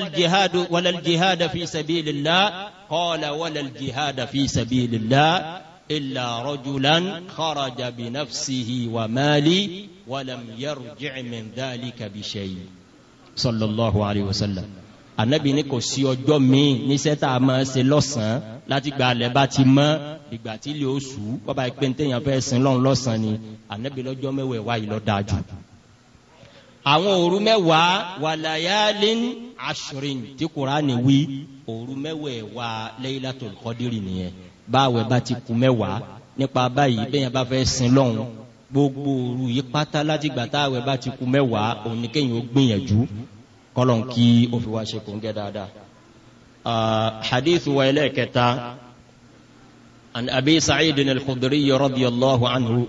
al-jihad fi sabilillah. قال wala al-jihada fi sabilillah illa rajulan kharaja bi nafsihi wa mali wa lam yarji' min dhalika bi shay' sallallahu alayhi wa sallam anabi ni kò sí ọjọ́ míì níṣẹ́ tá a máa ṣe lọ́sàn-án láti gba alẹ́ bá ti mọ́ ìgbà tí ilé oṣù bọ́ba ìpín téèyàn fẹ́ sin lọ́run lọ́sàn ni anabi lọ́jọ́ mẹ́wàá wá yìí lọ́ dáa àwọn òru mẹ́wàá wàlàyálín àṣírin tí kuraani wí òru mẹ́wẹ̀ẹ̀wá Laylatul Qadri nìyẹn báwẹ̀ bá ti kù mẹ́wàá nípa báyìí bẹ́yẹn bá fẹ́ sin lọ́hùn gbogbo òru yìí pátá láti gbà táwẹ̀ bá ti kù mẹ́wàá òun ni kéèyàn ó gbìyànjú kọ́lọ́n kí ó fi ṣe kò ń gẹ́ dáadáa. hadith wa ẹlẹ́ẹ̀kẹta an abi sa'id al-khudri radiyallahu anhu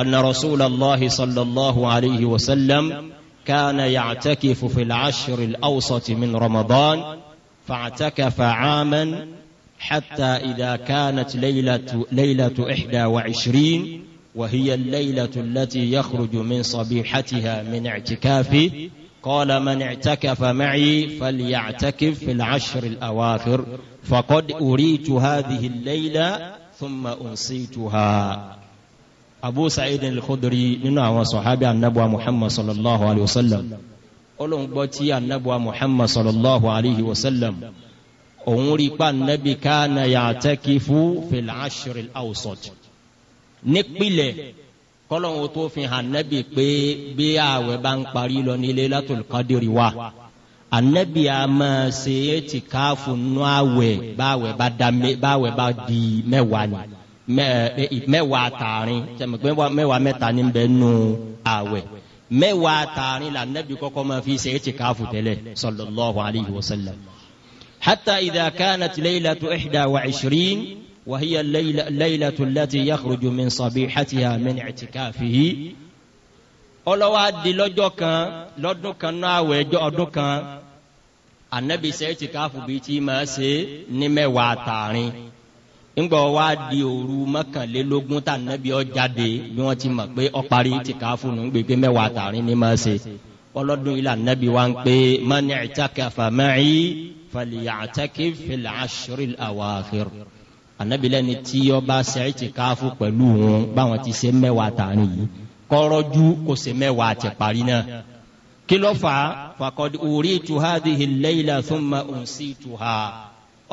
anna rasulallah sallallahu alayhi wa sallam kana ya'takifu fil ashr min ramadan. فاعتكف عاما حتى إذا كانت ليلة, ليلة إحدى وعشرين وهي الليلة التي يخرج من صبيحتها من اعتكافه قال من اعتكف معي فليعتكف في العشر الأواخر فقد أريت هذه الليلة ثم أنسيتها أبو سعيد الخدري من صحابي النبوة محمد صلى الله عليه وسلم ọlọ́run gbọ́ tí anabuwa muhammad sallallahu alayhi wa sallam òun rí pa anabi kana ya'takifu fil ashr al-awsat nípìlẹ̀ kọ́lọ́run tó fi hàn anabi pé bí ààwẹ̀ bá ń parí lọ ní Laylatul Qadri wa anabi a máa ti káàfù nù àwẹ̀ báwẹ̀ bá da báwẹ̀ bá di mẹ́wàá ni mẹ́wàá tààrin sẹ́mi pé mẹ́wàá mẹ́ta ní bẹ́ẹ̀ nù àwẹ̀ mẹ́wàá tààrin la nẹ́bí kọ́kọ́ máa fi ṣe é ti káfù tẹ́lẹ̀ sallallahu alayhi wa sallam. hatta idha kanat laylatu ihda wa ishrin wa hiya laylatu allati yakhruju min sabihatiha min i'tikafihi. ọlọ́wọ́ adi lọ́jọ́ kan lọ́dún kan náà àwẹ̀ ẹjọ́ ọdún kan anabi ṣe é ti káfù ti máa ṣe ní mẹ́wàá tààrin ńgbọ́ wa di òru mọ́kànlélógún tá nàbí ọ jáde bí wọ́n ti mọ̀ pé ọ parí ti ká fún un gbégbé mẹ́wàá tààrin ní máa ṣe ọlọ́dún ilà nàbí wa ń pé mani i'takafa ma'i falya'takif fil ashril awakhir ànábì lẹ́ni tí ọ bá ṣe ti ká fún pẹ̀lú wọn báwọn ti ṣe mẹ́wàá tààrin yìí kọ́rọ́jú kò ṣe mẹ́wàá ti parí náà kí ló fà á faqad uritu hadhihi al-layla thumma unsituha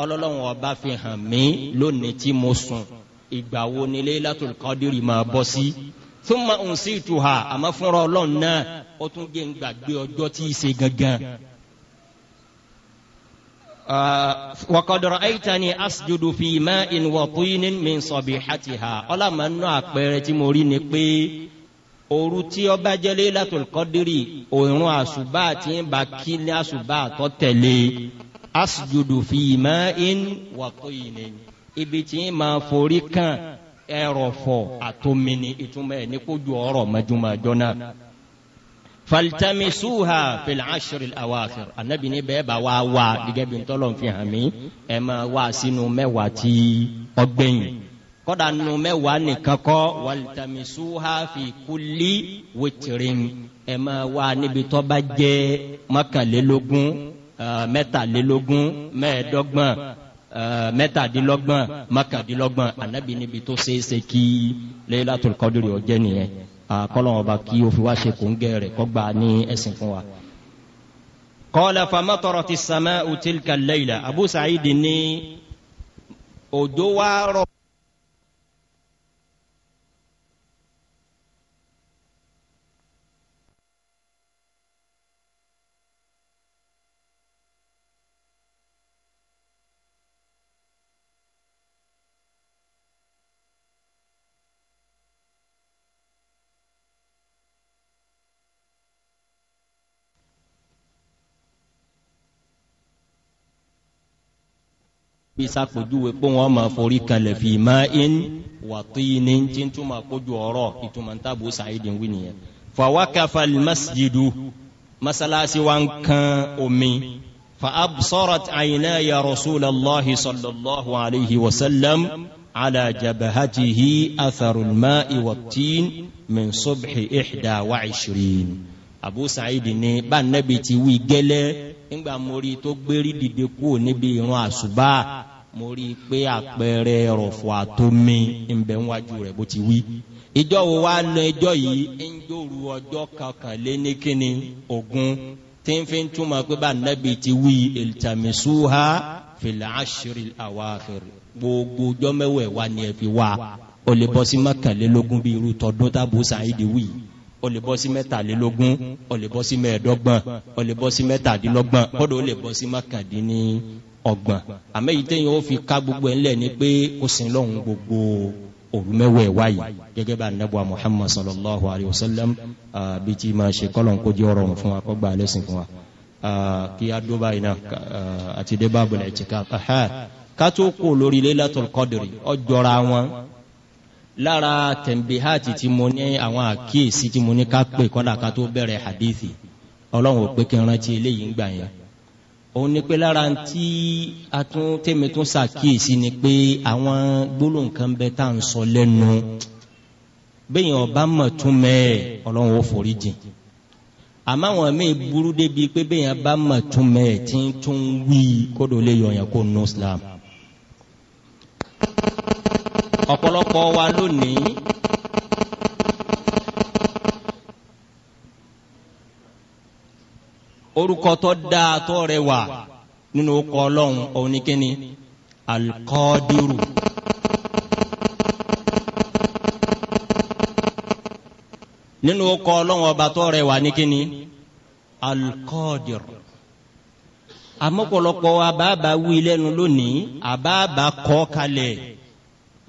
ọlọ́lọ́wọ́n ọba fi hàn mí lónìí tí mo sùn ìgbà wo ni Laylatul Qadri máa bọ́ sí thumma unsituha àmọ́ fúnra ọlọ́run náà ó tún gé ń gbàgbé ọjọ́ tí ì ṣe gangan. wa qad ra'aytani asjudu fi ma'in wa tinin min sabihatiha ọlọ́mọ̀nà àpẹẹrẹ tí mo rí ni pé òru tí ó bá jẹ́ Laylatul Qadri àṣùbà tí ń bá kí ní àṣùbà tó tẹ̀lé asjudu fi ma'in wa tinin ibi tí ń máa forí kan ẹrọ̀fọ̀ àtomini ìtumọ̀ ẹ̀ ní kó ju ọ̀rọ̀ mẹjúmọ́jọ́ náà falitamisuha fil ashiri awakir anabi ni bẹẹ bá wá wá gẹ́gẹ́ bí ntọ́lọ̀ fi hàn mí ẹ máa wá sínú mẹ́wàá tí ọgbẹ́yìn kọ́dà nù mẹ́wàá nìkan kọ́ walitamisuha fi kulli witirin ẹ máa wá níbi tọ́ jẹ́ mọ́kànlélógún Eh, mẹ́tàlélógún mẹ́ẹ̀ẹ́dọ́gbọ̀n eh, mẹ́tàdínlọ́gbọ̀n mọ́kàndínlọ́gbọ̀n anabi níbi tó ṣeé ṣe kí Laylatul Qadri ọjẹ́ nìyẹn kọ́lọ́wọ́n bá kí o fi wá ṣe kóńgẹ́ rẹ̀ kọ́gbà ní ẹ̀sìn fún wa. qala famatarat as-sama'u tilka al-layla Abu Sa'id ní òjò wá rọ̀ bí sàpèjúwe pé wọ́n máa forí kanlẹ̀ fi máa ń wàtí ní tí ń túmọ̀ kójú ọ̀rọ̀ ìtumọ̀ ntàbù sàyídì ń wí nìyẹn. fàwákàfà masjidu masalasi wa ń kan omi fa absorat àyìnlá ya rasulillahi sallallahu alayhi wa sallam ala jabahatihi atharul ma'i wa min subhi ihda wa ishirin. abu sàyídì ni bá nẹ́bi ti wí gẹ́lẹ́ ńgbà mórí tó gbérí dìde kúrò níbi ìran àṣùbà mo rí i pé àpẹẹrẹ rọ̀fọ̀ àtomi ń bẹ níwájú rẹ̀ bó ti wí. ìjọ wo wá lọ ẹjọ́ yìí ń jòrú ọjọ́ kankanléníkíni ogun tí ń fi ń túmọ̀ pé bá nẹ́bi ti wí ìlítàmísúhà fìlà àṣírí àwàfẹ̀rẹ̀ gbogbo ọjọ́ mẹ́wẹ̀ wa ni ẹ fi wá o lè bọ́ sí mọ́kànlélógún bí irú tọdún tábù sàáìdì wí o lè bọ́ sí mẹ́tàlélógún o lè bọ́ sí mẹ́ẹ̀ẹ́dọ́gbọ̀n o lè bọ́ sí mẹ́tàdínlọ́gbọ̀n kọ́dọ̀ o lè bọ́ sí mọ́kàndínní ọgbọ̀n àmọ́ èyí téèyàn ó fi ká gbogbo ẹ̀ ńlẹ̀ ni pé ó sin lọ́hùn gbogbo òru mẹ́wàá ẹ̀wá yìí bá nẹ́bùa muhammad sallallahu alayhi wa sallam bí tí máa ṣe kọ́lọ̀ kó jẹ́ ọ̀rọ̀ fún wa kó gba lẹ́sìn fún wa kí á dó báyìí náà àti dé bá bọ̀lẹ̀ ẹ̀tìká ká tó kó lórí lẹ́lẹ́tọ̀l kọ́dìrì ọjọ́ra wọn lára tẹ̀m̀bíhàtì tí mo ní àwọn àkíyèsí tí mo ní ká pè kọ́dà ká tó bẹ̀rẹ̀ hadithi ọlọ́run ò pé kí n rántí eléyìí ń gbà yẹn òun ni pé lára tí a tún tèmi tún ṣàkíyèsí ni pé àwọn gbólóhùn kan bẹ tá à ń sọ lẹ́nu bẹ́ẹ̀ ọba mọ̀ tún mẹ́ẹ̀ ọlọ́run ó forí jìn àmọ́ àwọn míì burú débi pé bẹ́ẹ̀ yẹn bá mọ̀ tún mẹ́ẹ̀ tí ń tún wí kódò lè yọ̀yàn kó nù Islam ọ̀pọ̀lọpọ̀ wa lónìí orúkọ tó dáa tó rẹwà nínú ọkọ ọlọ́run òun ní kíni alkọ́dírù. nínú ọkọ ọlọ́run ọba tó rẹwà ní kíni alkọ́dírù. amọ́pọ̀lọpọ̀ àbábà wí lẹ́nu lónìí àbábà kọ́ kalẹ̀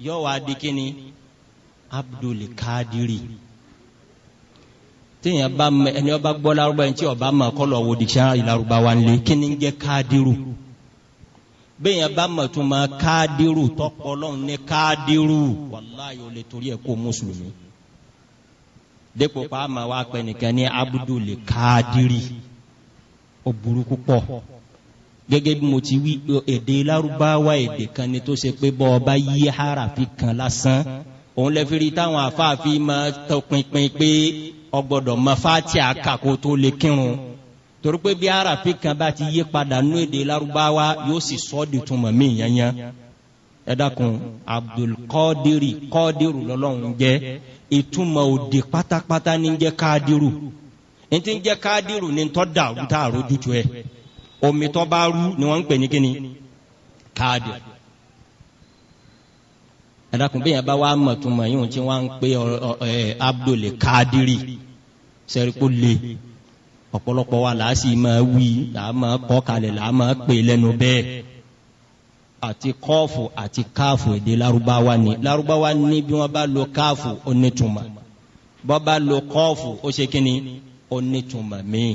yọ̀wá di kíni abdulkadiri tíyàn bá mẹ ẹni ọba gbọ́ lárúbá ẹni tí ọba mọ kọlọ wo dictionary lárúbá wa nílé kí ni ń jẹ́ káàdìrú bẹ́ẹ̀yàn bá mọ̀ tó máa káàdìrú tọ́pọ̀ ọlọ́run ní káàdìrú wàláyé o lè torí ẹ̀ kó mùsùlùmí dépò pa ama wa pẹ nìkan ní abudu lè káàdìrí ó burú púpọ̀ gẹ́gẹ́ bí mo ti wí èdè lárúbáwá èdè kan ni tó ṣe pé bọ́ ọba yí harafi kan lásán òun lẹ́fìrí táwọn afáàfin máa tọpinpin pé ọgbọ́dọ̀ mọ fati àkàkó tó lè kírun torí pé bí arabi kan bá ti yí padà nú èdè Lárúbáwá yóò sì sọ ọ́ di túmọ̀ mí yanyan ẹ dákun Abdul Qadiri Qadiru lọ́lọ́run jẹ́ ìtumọ̀ òde pátápátá ní jẹ́ Qadiru ní ti jẹ́ Qadiru ní tọ́ da òkúta àrójútu ẹ omi tọ́ bá rú ni wọ́n ń pè ní kíni Qadir ẹ̀dàkùn bí yẹn bá wà mọ̀túnmọ̀ yìí tí wọ́n ń pè Abdul Kadiri sẹ́ríkó le ọ̀pọ̀lọpọ̀ wa là á sì máa wí là á máa kọ́ kalẹ̀ là á máa pè lẹ́nu bẹ́ẹ̀ àti kọ́ọ̀fù àti káàfù èdè Lárúbáwá ni larubawa ni bí wọ́n bá lo káàfù ó nítumọ̀ bọ́ bá lo kọ́ọ̀fù ó ṣe kínni ó nítumọ̀ míì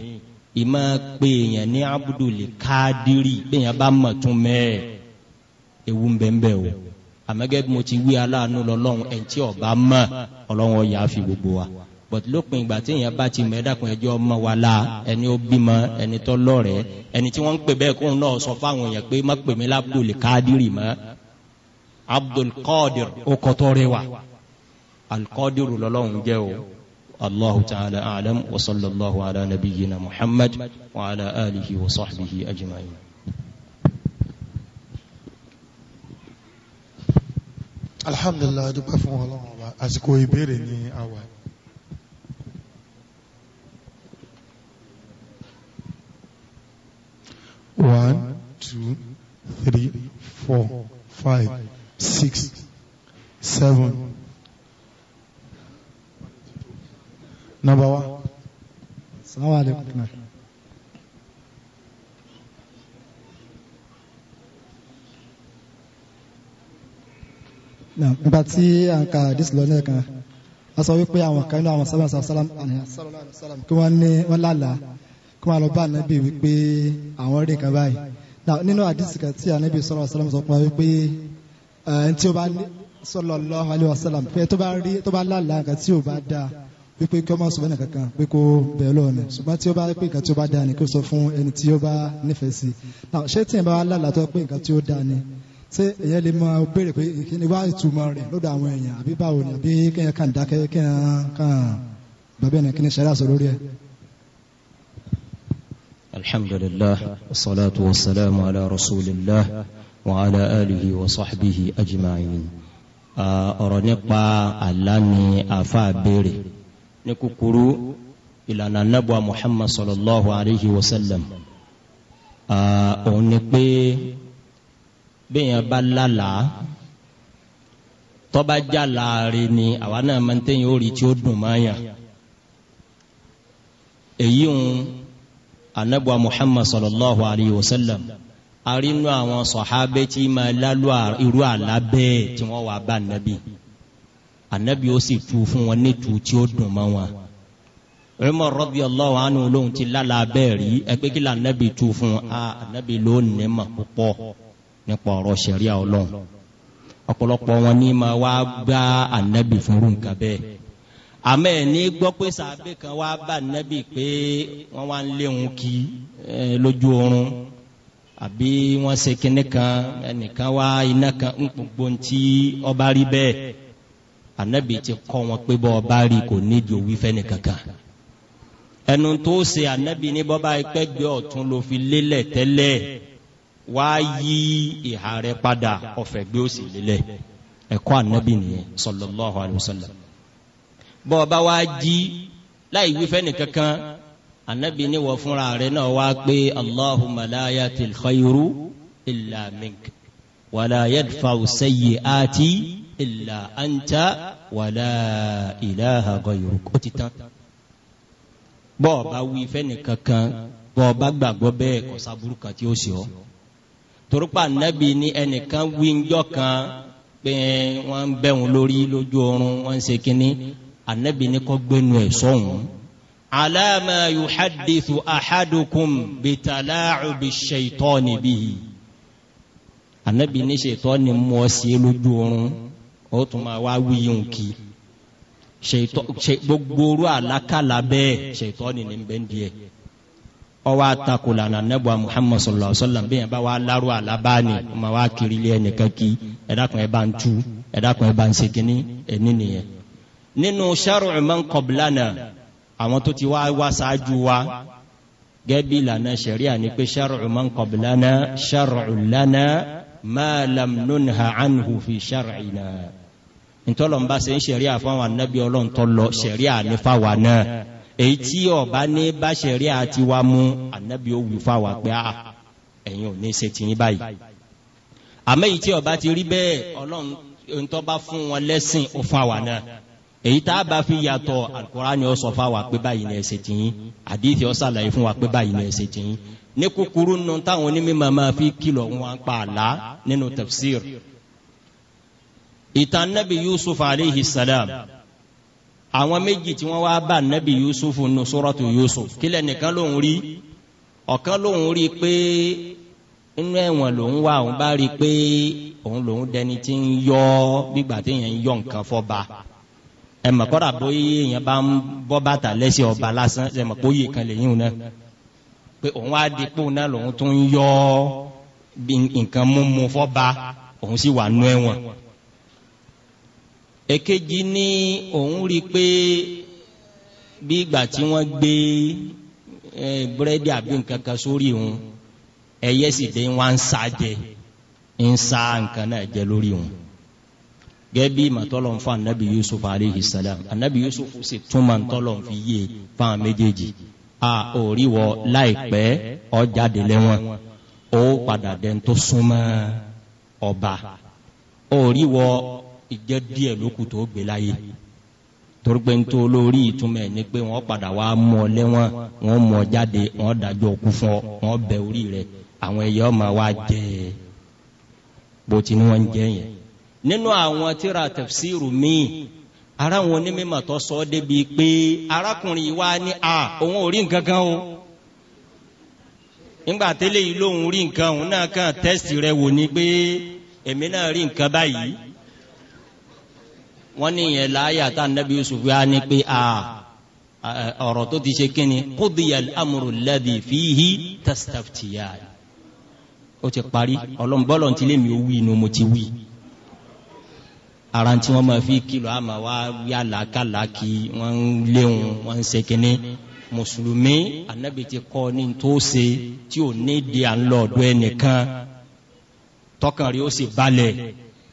ìmọ̀ pé èèyàn ní Abdul Kadiri bí èèyàn bá mọ̀tún mẹ́ẹ̀ ewu ń bẹ́ẹ̀ bẹ́ẹ̀ o àmẹ́gẹ́ bí mo ti wí aláàánú lọ́lọ́run ẹ̀ tí ọba mọ̀ ọlọ́run ọ̀yà fi gbogbo wa but lópin ìgbà tí èèyàn bá ti mẹ́ẹ́dàkùn ẹjọ́ ọmọ wa la ẹni ó bímọ ẹni tó lọ́rẹ̀ẹ́ ẹni tí wọ́n ń pè bẹ́ẹ̀ kóun náà sọ fáwọn èèyàn pé má pè mí lábdùl kádìrì mọ́ abdul qadir ó kọ́ tó rẹwà alqadiru lọ́lọ́run jẹ́ o allahu ta'ala alam wa sallallahu ala nabiyyina muhammad wa ala alihi wa sahbihi ajma'in. alhamdulilayi dúpẹ́ fún ọlọ́run ọba àsìkò ìbéèrè ní àwa. one two three four five six seven number one. salaamaleykum. nígbà tí à ń ka àdìsí lọ lẹ́ẹ̀kan wọ́n sọ wípé àwọn kan nínú àwọn sábàá sábàá sábàá àníyàn kí wọ́n ní wọ́n lálàá kí wọ́n lọ bá ànábì wípé àwọn rí nǹkan báyìí nínú àdìsí kan tí ànábì sọ̀rọ̀ sábàá sọ fún wípé ẹni tí ó bá sallallahu alaihi wasallam pé tó bá rí tó bá lálàá nǹkan tí ò bá dáa wípé kí ọmọ sọ fún kan pé kó bẹ̀rẹ̀ lọ́ọ̀nù ṣùgbọ́n tí ó bá pé nǹkan tí ó bá dáa ni kó sọ fún ẹni tí ó bá nífẹ̀ẹ́ sí ṣé tí ìyẹn bá lálàá tó pé nǹkan tí ó dáa ni ṣé èyàn lè máa béèrè pé kí ni wàá ìtumọ̀ rẹ̀ lọ́dọ̀ àwọn èèyàn àbí báwo ni àbí kéèyàn kàn dákẹ́ kéèyàn kàn bàbá ẹni kí ni sẹ́rà sọ lórí ẹ̀. alhamdulillah wasalaatu wasalaamu ala rasulillah wa ala alihi wa sahbihi ajma'in. ọ̀rọ̀ nípa àlá ni àfa béèrè ní kúkúrú ìlànà anábọ̀ muhammad sallallahu alayhi wa sallam. òun ni pé bẹ́ẹ̀yàn bá lálàá tọ́ba já láàrin ni àwa náà máa ń tẹ̀yìn orí tí ó dùn máyà èyí ń anabuwa muhammad sallallahu alayhi wa sallam arínú àwọn sọ̀hábẹ́ tí máa lálù irú àlá bẹ́ẹ̀ tí wọ́n wà bá nàbí ànábì ó sì tu fún wọn nítu tí ó dùn mọ́ wọn Umar radiyallahu anhu lóhun ti lálàá bẹ́ẹ̀ rí ẹgbẹ́ kí lànàbì tu fún un ànábì ló ní púpọ̀ nípa ọ̀rọ̀ sẹ̀ríà ọlọ́run ọ̀pọ̀lọpọ̀ wọn ní ma wá bá ànábì fúnrú nǹkan bẹ́ẹ̀ àmọ́ ẹ̀ ní gbọ́ pé sàbẹ̀ kan wá bá ànábì pé wọ́n wá ń léwu kí lójú oorun àbí wọ́n ṣe kinní kan ẹnìkan wá iná kan ń gbogbo ti ọba rí bẹ́ẹ̀ ànábì ti kọ́ wọn pé bọ́ ọba rí kò nídìí òwí fẹ́ni kankan ẹnu tó ṣe ànábì ní bọ́ba ẹgbẹ́ gbé ọ̀tún ló fi lélẹ̀ tẹ́lẹ̀ wá yí ìhà rẹ padà ọ̀fẹ́ gbé òsì lélẹ̀ ẹ̀kọ́ ànábì nìyẹn sallallahu alaihi wasallam bọ́ ọba wá jí láì wí fẹ́ nìkankan ànábì ní wọ́n fúnra rẹ náà wá pé allahumma la yatil khayru illa mink wala yadfa'u sayyi'ati illa anta wala ilaha ghayruk ó ti tán bọ́ ọba wí nìkankan bọ́ ọba gbàgbọ́ bẹ́ẹ̀ kọ́sá burúkú ó ṣe torípa nàbì ni ẹnìkan wíńjọ kan pé wọn ń bẹ̀ wọn lórí lójú oorun wọn ń ṣe kínní ànàbì ni kò gbénu ẹ̀ sọ̀hún. alama yuhadithu ahadukum bitalaacu bishaitoni bihi ànàbì ni shaitoni mú ọ lójú oorun ó tún máa wá wíyùn kí gbogbo orú àlákàlà bẹ́ẹ̀ ni ń bẹ́ẹ̀ ọwọ́ àtakò lànà nẹ́bùà muhammad sallallahu alayhi wa sallam bẹ́ẹ̀ bá wà lárú àlábáni ọmọ wa kiri ilé ẹnìkan kí ẹ̀dàkùn ẹ̀ bá ń tú ẹ̀dàkùn ẹ̀ bá ń segin ẹni nìyẹn. nínú shar'u man qablana àwọn tó ti wá wá ṣáájú wa gẹ́bí lànà sharia ni pé shar'u man qablana shar'u lana ma lam nunha anhu fi shar'ina ntọ́lọ́mbà ṣe ń sharia fáwọn anábì ọlọ́ntọ́ èyí tí ọba ní báṣẹ̀rí àti wa mú ànábì ó wù fáwà pé a ah, ẹ̀yin ò ní ṣe tìyín báyìí àmọ́ èyí tí ọba ti rí bẹ́ẹ̀ ọlọ́run tó bá fún wọn lẹ́sìn ó fáwà náà èyí tá a bá fi yàtọ̀ alukurani ó sọ fáwà pé báyìí ní ẹsẹ̀ tìyín àdìsí ó sàlàyé fún wa pé báyìí ní ẹsẹ̀ tìyín ní kúkúrú nù táwọn onímọ̀ máa fi kìlọ̀ wọn pa àlá nínú tafsir ìtàn nabi yusuf alayhi salam àwọn méjì tí wọ́n wá bá nẹ́bí yusuf nù sọ́rọ́tù yusuf kílẹ̀ nìkan lòún rí ọ̀kan lòún rí pé inú ẹ̀wọ̀n lòún wà òun bá rí pé òun lòún dẹni tí ń yọ gbígbà tí èèyàn ń yọ nǹkan fọba ẹ̀mọ̀ kọ́ra bóyá èèyàn bá ń bọ́ bàtà lẹ́sẹ̀ ọba lásán ẹ̀mọ̀ bóyá kan lèyìn náà pé òun á di pé òun náà lòún tún yọ nǹkan múmu fọba òun sì wà nú ẹ̀wọ̀n èkejì ní òun rí i pé bí ìgbà tí wọ́n gbé búrẹ́dì àbí nǹkan kan sórí òun ẹyẹ sì dé wọ́n ń sá jẹ ń sá nǹkan náà jẹ lórí òun gẹ́bí màtọ́lọ̀ ń fa anabi yusuf aleyhi salam anabi yusuf sì túmọ̀ ntọ́lọ̀ ń fi yé e fáwọn méjèèjì a ò rí wọ láìpẹ́ ọ̀jáde lẹ́wọ̀n ó padà dẹ́n tó súnmọ́ ọba ó rí wọ ìjẹ́ díẹ̀ lókù tó gbé láyé torí pé nítorí olórí pé wọ́n padà wá mú ọ wọ́n jáde wọ́n dájọ́ òkú fún ọ wọ́n bẹ orí rẹ̀ àwọn ẹ̀yẹ́ ọmọ wa jẹ́ ẹ bó ti ní wọ́n ń jẹ́ yẹn. nínú àwọn tíra tafsiru míì ara wọn ní mímọ̀ a òun ò rí nǹkan o nígbà tẹ́lẹ̀ yìí lóun rí nǹkan òun náà kàn tẹ́sì rẹ wò ní pé èmi náà rí nǹkan báyìí wọ́n ní yẹn láàyè àti anabi yusuf yá ni pé a ọ̀rọ̀ tó ti ṣe kíni kudiyal amru alladhi fihi tastaftiyan ó ti parí ọlọ́mbọ́lọ́ ti lé mi ó wí inú mo ti wí ara tí wọ́n máa fi kìlọ̀ àmà wá yá làákàlà kí ń léwọn wọ́n ń ṣe kíní mùsùlùmí anabi ti kọ́ ní tó ṣe tí ò ní di à ń lọ ọ̀dọ̀ ẹnìkan tọkàn rí ó sì balẹ̀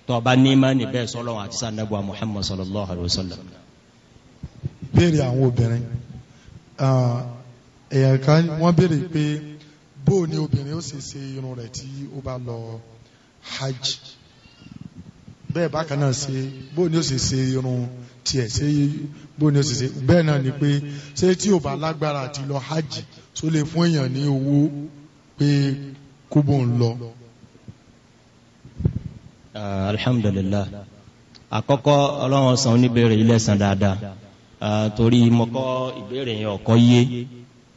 tọba ní ìmánì bẹ́ẹ̀ sọ́lọ́ àti sànàbọ̀ Muhammad sallallahu alayhi wa sallam. béèrè àwọn obìnrin èèyàn kan wọ́n béèrè pé bó ni obìnrin ó ṣe ṣe irun rẹ̀ tí ó bá lọ hajj bẹ́ẹ̀ bákan náà ṣe bó ni ó ṣe ṣe irun tiẹ̀ ṣe bó ni ó ṣe ṣe bẹ́ẹ̀ náà ni pé ṣé tí ò bá lágbára àti lọ hajj tó lè fún èèyàn ní owó pé kó bóun lọ. Ah, alhamdulillah àkọ́kọ́ ọlọ́run san oníbèrè ilé san dáadáa ah, torí mo kọ́ ìbéèrè yẹn ọ̀kọ́ yé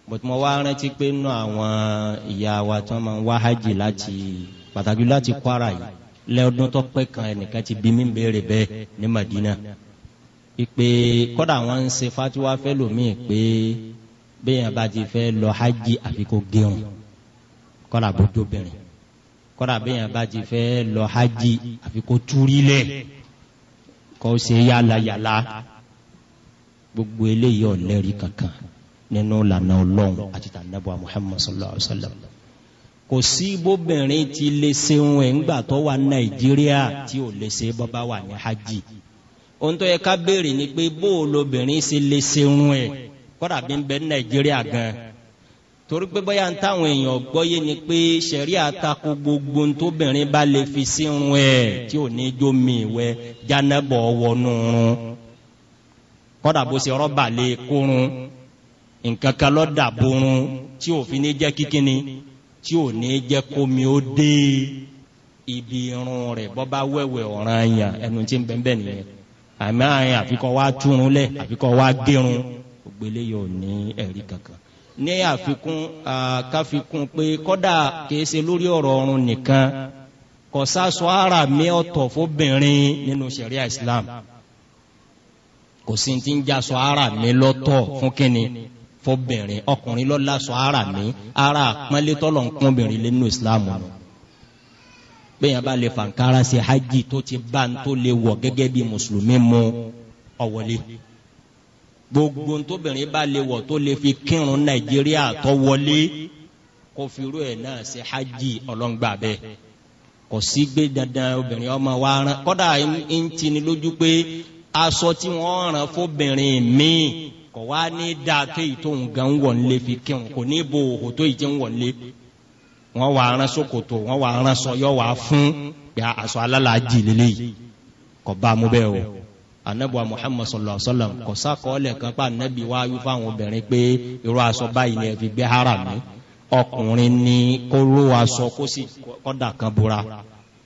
bọ̀tí mo wá rántí pé nínú àwọn ìyá wa tí wọ́n máa ń wá hajj láti pàtàkì láti kwara yìí lẹ́ọdún tó pẹ́ kan ẹnìkan ti bí mi ń béèrè bẹ́ẹ̀ ní madina ìpè kọ́dà wọn ń ṣe fatiwa fẹ́ lòmíì pé béèyàn bá ti fẹ́ lọ hajj àfi kó kọ́dà bó dóbìnrin kọ́ra bẹ́yàn bá ti fẹ́ lọ hajj àfi kó túrílẹ̀ kọ́ ṣe yálayàlá gbogbo eléyìí ọ̀lẹ́rìí kankan nínú lànà ọlọ́run àti tànàbọ̀ Muhammad sallallahu alayhi wa sallam kò sí bóbìnrin ti lè ṣeun ẹ̀ ńgbà tó wà Nàìjíríà tí ò lè ṣe bọ́bá wà ní hajj ohun tó yẹ ká béèrè ni pé bó o lobìnrin ṣe lè ṣeun ẹ̀ kọ́ra bí ń bẹ Nàìjíríà gan-an torí pé bóyá ń táwọn èèyàn gbọ́yé ni pé sẹ̀rí àtakò gbogbo tóbìnrin bá lè fi sírun ẹ̀ tí ò ní jó mi ìwẹ́ jánẹ́bọ̀ wọnú run kọ́dà bó ṣe rọ́bà lè kórun nǹkan kan lọ́ dàborun tí ò fi ní jẹ́ kíkíni tí ò ní jẹ́ kómi ó dé ibi irun rẹ̀ bọ́ bá wẹ̀wẹ̀ ọ̀ràn yàn ẹnu tí ń bẹ́ẹ̀ bẹ́ẹ̀ nìyẹn àmì àyàn àfikọ́ wa túrun lẹ̀ àfikọ́ wa gérun ògbélé yóò ní ẹ̀rí kankan ní àfikún káfikún pé kọ́dà kìí ṣe lórí ọ̀rọ̀ ọ̀run nìkan kò sáṣọ ara mi ọ̀tọ̀ fóbìnrin nínú sẹ̀ríà Islam kò sí ti ń jaṣọ ara mi lọ́tọ̀ fún kínni fóbìnrin ọkùnrin lọ́la sọ ara mi ara àpọ́nlétọ́lọ̀ ń kúnbìnrin nínú Islam nù bẹ́ẹ̀ bá lè fàǹkárá ṣe hajj tó ti bá ń tó lè wọ̀ gẹ́gẹ́ bí mùsùlùmí mu ọ̀wọ́lé gbogbo ntóbìnrin ba le wọ̀ tó lè fi kírun nàìjíríà tó wọlé kó firu ẹ̀ náà ṣe hajj ọlọ́ngbà bẹ́ẹ̀ kò sí gbé dandan obìnrin ọmọ wa rán kọ́dà ń tini lójú pé aṣọ tí wọ́n rán fóbìnrin míì kò wá ní dáké ìtòhùn gan wọ̀ ń lè fi kírun kò ní bo òhò tó ìjẹun wọ̀ ń lé wọ́n wà rán ṣòkòtò wọ́n wà rán sọ wà fún pé aṣọ alálàájì lélẹ́yìí kò bá mú bẹ́ẹ̀ o anabuwa muhammad sallallahu alaihi wa sallam kò sákọọlẹ kan pa anabi wa ayú fáwọn obìnrin pé irú aṣọ báyìí ni ẹ fi gbé harami ọkùnrin ni kó ró aṣọ kó sì kọ́dà kan bora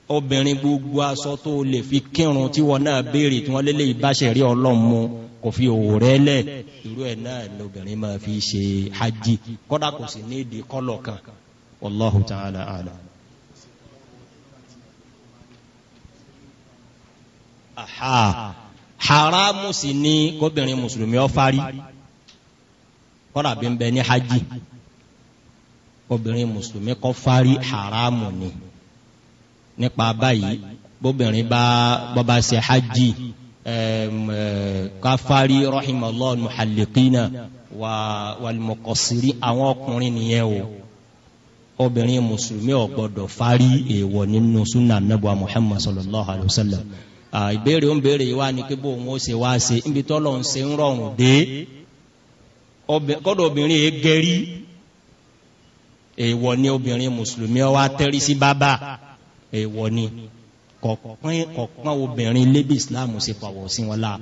obìnrin gbogbo aṣọ tó lè fi kírun tí wọn náà béèrè tí wọn lélẹ ìbáṣẹ rí ọlọrun mu kò fi òwò rẹ lẹ irú ẹ náà lobìnrin máa fi ṣe hajj kọ́dà kò sì ní èdè kọ́lọ̀ kan wàlláhu ta'ala àlà. aha haramu sì ni kóbìnrin mùsùlùmí ó fárí kọ́ra bí ń bẹ ní hajj obìnrin mùsùlùmí kó fárí haramu ni nípa báyìí bóbìnrin bá bọ́ba ṣe hajj eh, káfárí rahimallahu muhallikina wàlmọ̀kọ̀sírí àwọn ọkùnrin nìyẹn o obìnrin mùsùlùmí ò gbọdọ̀ fárí èèwọ̀ sunna anabu muhammad sallallahu alayhi wa sallam ìbéèrè ó ń béèrè yìí wá ní kí bóun ó ṣe wá ṣe níbi tọ́lọ̀ ń ṣe ń rọrùn dé kọ́dọ̀ obìnrin yìí gẹ̀rí èèwọ̀ ni obìnrin mùsùlùmí ọ wá tẹ́rí sí bábà èèwọ̀ ni kọ̀ọ̀kan obìnrin lébi ìsìláàmù ṣe pàwọ̀ sí wọn láà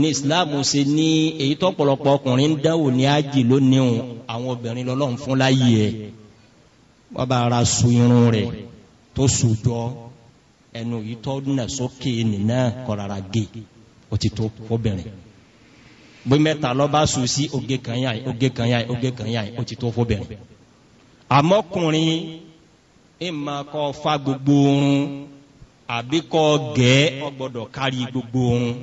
ní ìsìláàmù ṣe ní èyí tọ́pọ̀lọpọ̀ ọkùnrin ń dáwò ní ájì lónìí òun àwọn obìnrin lọ́lọ́run fún láyé ẹ̀ bọ́ba ara su irun rẹ̀ tó sùjọ́ ẹnu yìí tọ́ nà sókè nìna kọ̀rara gé o ti tó fóbìnrin bí mẹ́ta lọ́ba sùn sí oge kan yá yìí oge kan yá yìí oge kan yá yìí o ti tó fóbìnrin àmọ́kùnrin ìmọ̀ kọ́ fa gbogbo oorun àbí kọ́ gẹ́ ọgbọ́dọ̀ kárí gbogbo oorun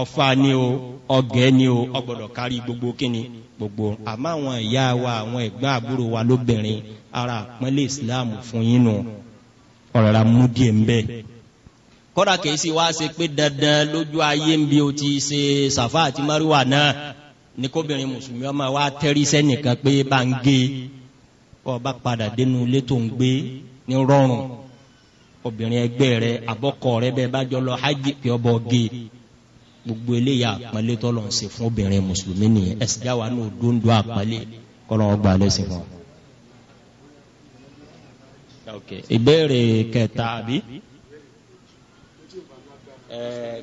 ọ̀fà ni o ọ̀gẹ́ ni o ọgbọ́dọ̀ kari gbogbo kíni gbogbo oorun àmọ́ àwọn ìyá wa àwọn ẹ̀gbọ́n àbúrò wa lóbìnrin ara àpọ́nlé ìsìláàmù fún yín nù. No ọ̀rọ̀ra mú díẹ̀ ń bẹ́ẹ̀. kọ́dà kìí sì wá ṣe pé dandan lójú ayé ń bí o ti ṣe sàfà àti márùwà náà ní kóbìnrin mùsùlùmí ọmọ wa tẹ́rí sẹ́nìkan pé bá ń gé kọ́ bá padà dénú ilé tó ń gbé ní rọrùn obìnrin ẹgbẹ́ rẹ àbọ̀kọ rẹ bẹ́ẹ̀ bá jọ lọ hajj pé ọ bọ gé gbogbo eléyà àpọ́nlé tọ́lọ̀ ń ṣe fún obìnrin mùsùlùmí nìyẹn ẹ̀sìn jáwa náà dóńdó àpọ́nlé kọ́lọ́wọ́ gbà lẹ́sìn kan ìbéèrè kẹta àbí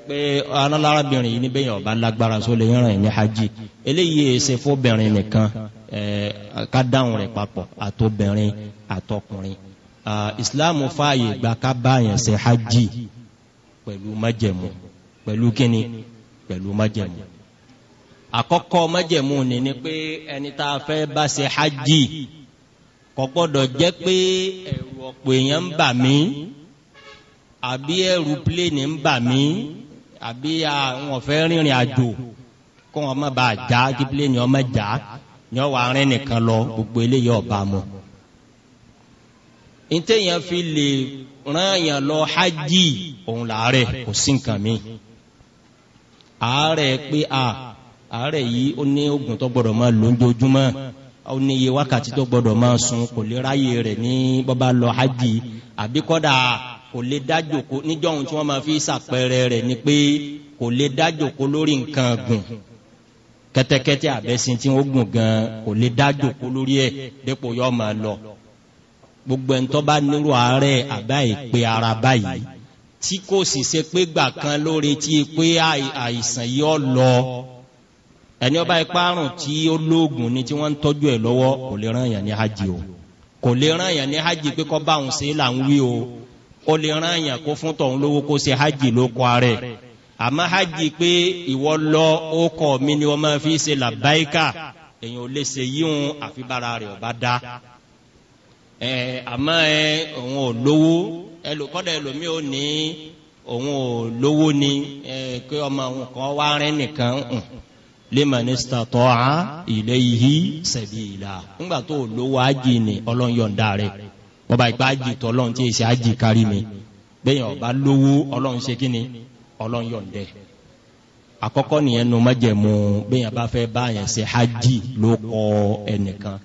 pé alárabìnrin yìí níbẹ̀ yẹn ọba lágbára só lè ràn ní hajj eléyìí ṣe fóbìnrin nìkan ká dáhùn rẹ̀ papọ̀ àtobìnrin àtọkùnrin ìsìláàmù fààyè gbà ká báyẹn ṣe hajj pẹ̀lú májẹ̀mú pẹ̀lú kíni pẹ̀lú májẹ̀mú àkọ́kọ́ májẹ̀mú ni ni pé ẹni tá a fẹ́ bá ṣe hajj kò gbọ́dọ̀ jẹ́ pé ẹ̀rù ọ̀pọ̀ èèyàn ń bà mí àbí ẹ̀rù pléènì ń bà mí àbí àwọn ọ̀fẹ́ rìnrìn àjò kó wọn má já kí pléènì ọmọ já ni ọ wà rìn nìkan lọ gbogbo eléyìí ọba mọ. ntẹ̀yàn fi lè rán yàn lọ hajj òun làárẹ̀ kò sí nǹkan mi. àárẹ̀ pé a àárẹ̀ yìí ó ní oògùn tó gbọ́dọ̀ máa lò ó ní iye wákàtí tó gbọdọ̀ máa sun kò lè ráyè rẹ̀ ní bọ́bá lọ hajj àbí kọ́dà kò lè dájòkó níjọ́ ohun tí wọ́n máa fi ṣàpẹẹrẹ rẹ̀ ni pé kò lè dájòkó lórí nǹkan gùn kẹ́tẹ́kẹ́tẹ́ àbẹ́sìn tí wọ́n gùn gan kò lè dájòkó lórí ẹ̀ dépò yọ máa lọ gbogbo ẹni tó bá nírú àárẹ̀ àbá ìpè ara báyìí tí kò sì ṣe pé gbà kan lórí tí pé àìsàn yìí ọ lọ ẹni ọba ìparun tí ó lóògùn ni tí wọ́n ń tọ́jú ẹ̀ lọ́wọ́ kò lè rán yàn ní hajj o kò lè rán yàn ní hajj pé kọ́ bá òun ṣe là ń wí o ó lè rán yàn kó fún tọ̀hún lówó kó ṣe hajj ló kọ́ rẹ̀ àmọ́ hajj pé ìwọ lọ ó kọ́ mi ni wọ́n máa fi ṣe làbáyíkà èèyàn ò lè ṣe yíhun àfibára rẹ̀ ọba dá ẹ àmọ́ ẹ òun ò lówó ẹlòkọ́dà ẹlòmíì ò ní òun ò lówó ni ẹ pé ọmọ òun kan wá rẹ́ nìkan hàn liman istata'a ilayhi sabila ńgbà tó lówó ájì ni ọlọ́run yọ̀ǹda rẹ̀ ọba ìgbà ájì tó ọlọ́run tí èsì ájì kárí mi bẹ́ẹ̀ ọba lówó ọlọ́run ṣe kíni ọlọ́run yọ̀ǹda àkọ́kọ́ nìyẹn nu májẹ̀mú bẹ́ẹ̀ bá fẹ́ bá yẹn ṣe ájì ló kọ ẹnìkan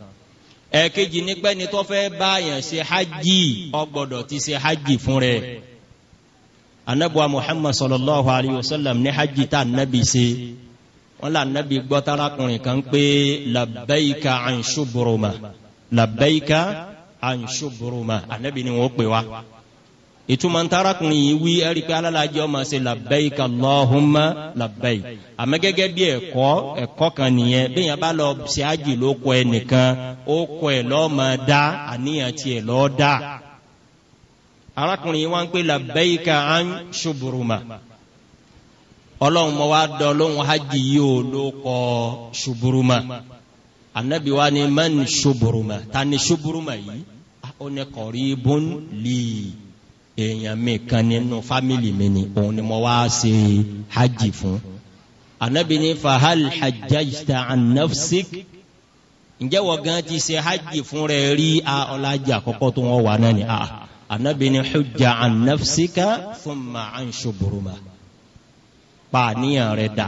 ẹ̀ẹ̀kejì ní pé ni tó fẹ́ bá yẹn ṣe ájì ó ti ṣe ájì fún rẹ̀ anabuwa muhammad sallallahu alayhi wa sallam ní ájì tá a nabi wọ́n là nẹ́bí gbọ́tarakùnrin kan pé labbaika an shubruma labbaika an shubruma ni wọ́n pè wá ìtumọ̀ ntarakùnrin yìí wí ẹ̀rí pé alálàájẹ́ ọmọ ṣe labbaika Allahumma labbaik àmọ́ gẹ́gẹ́ bí ẹ̀kọ́ ẹ̀kọ́ kan nìyẹn bí yẹn bá lọ ṣe ájì ló kọ ẹ nìkan ó kọ ẹ lọ́mọ dá àníyàn tiẹ̀ lọ́ọ́ dá arákùnrin yìí wá pè labbaika an ọlọ́run mọ́ wá dán lóhun hajj yìí ò ló kọ ṣuburuma anabi wa ni man ṣuburuma ta ni ṣuburuma yìí ó ní kọ̀rìbùn lì èèyàn mi kan nínú fámìlì mi ni òun ni mo wá ṣe hajj fún anabi ni fahal hajjajta an nafsik ǹjẹ́ wọ́n gan ti ṣe hajj fún rẹ̀ rí a ọlájà àkọ́kọ́ tó wọ́n wà náà ni a anabi ni hujja an fún ma an ṣuburuma pa àníyàn rẹ̀ dà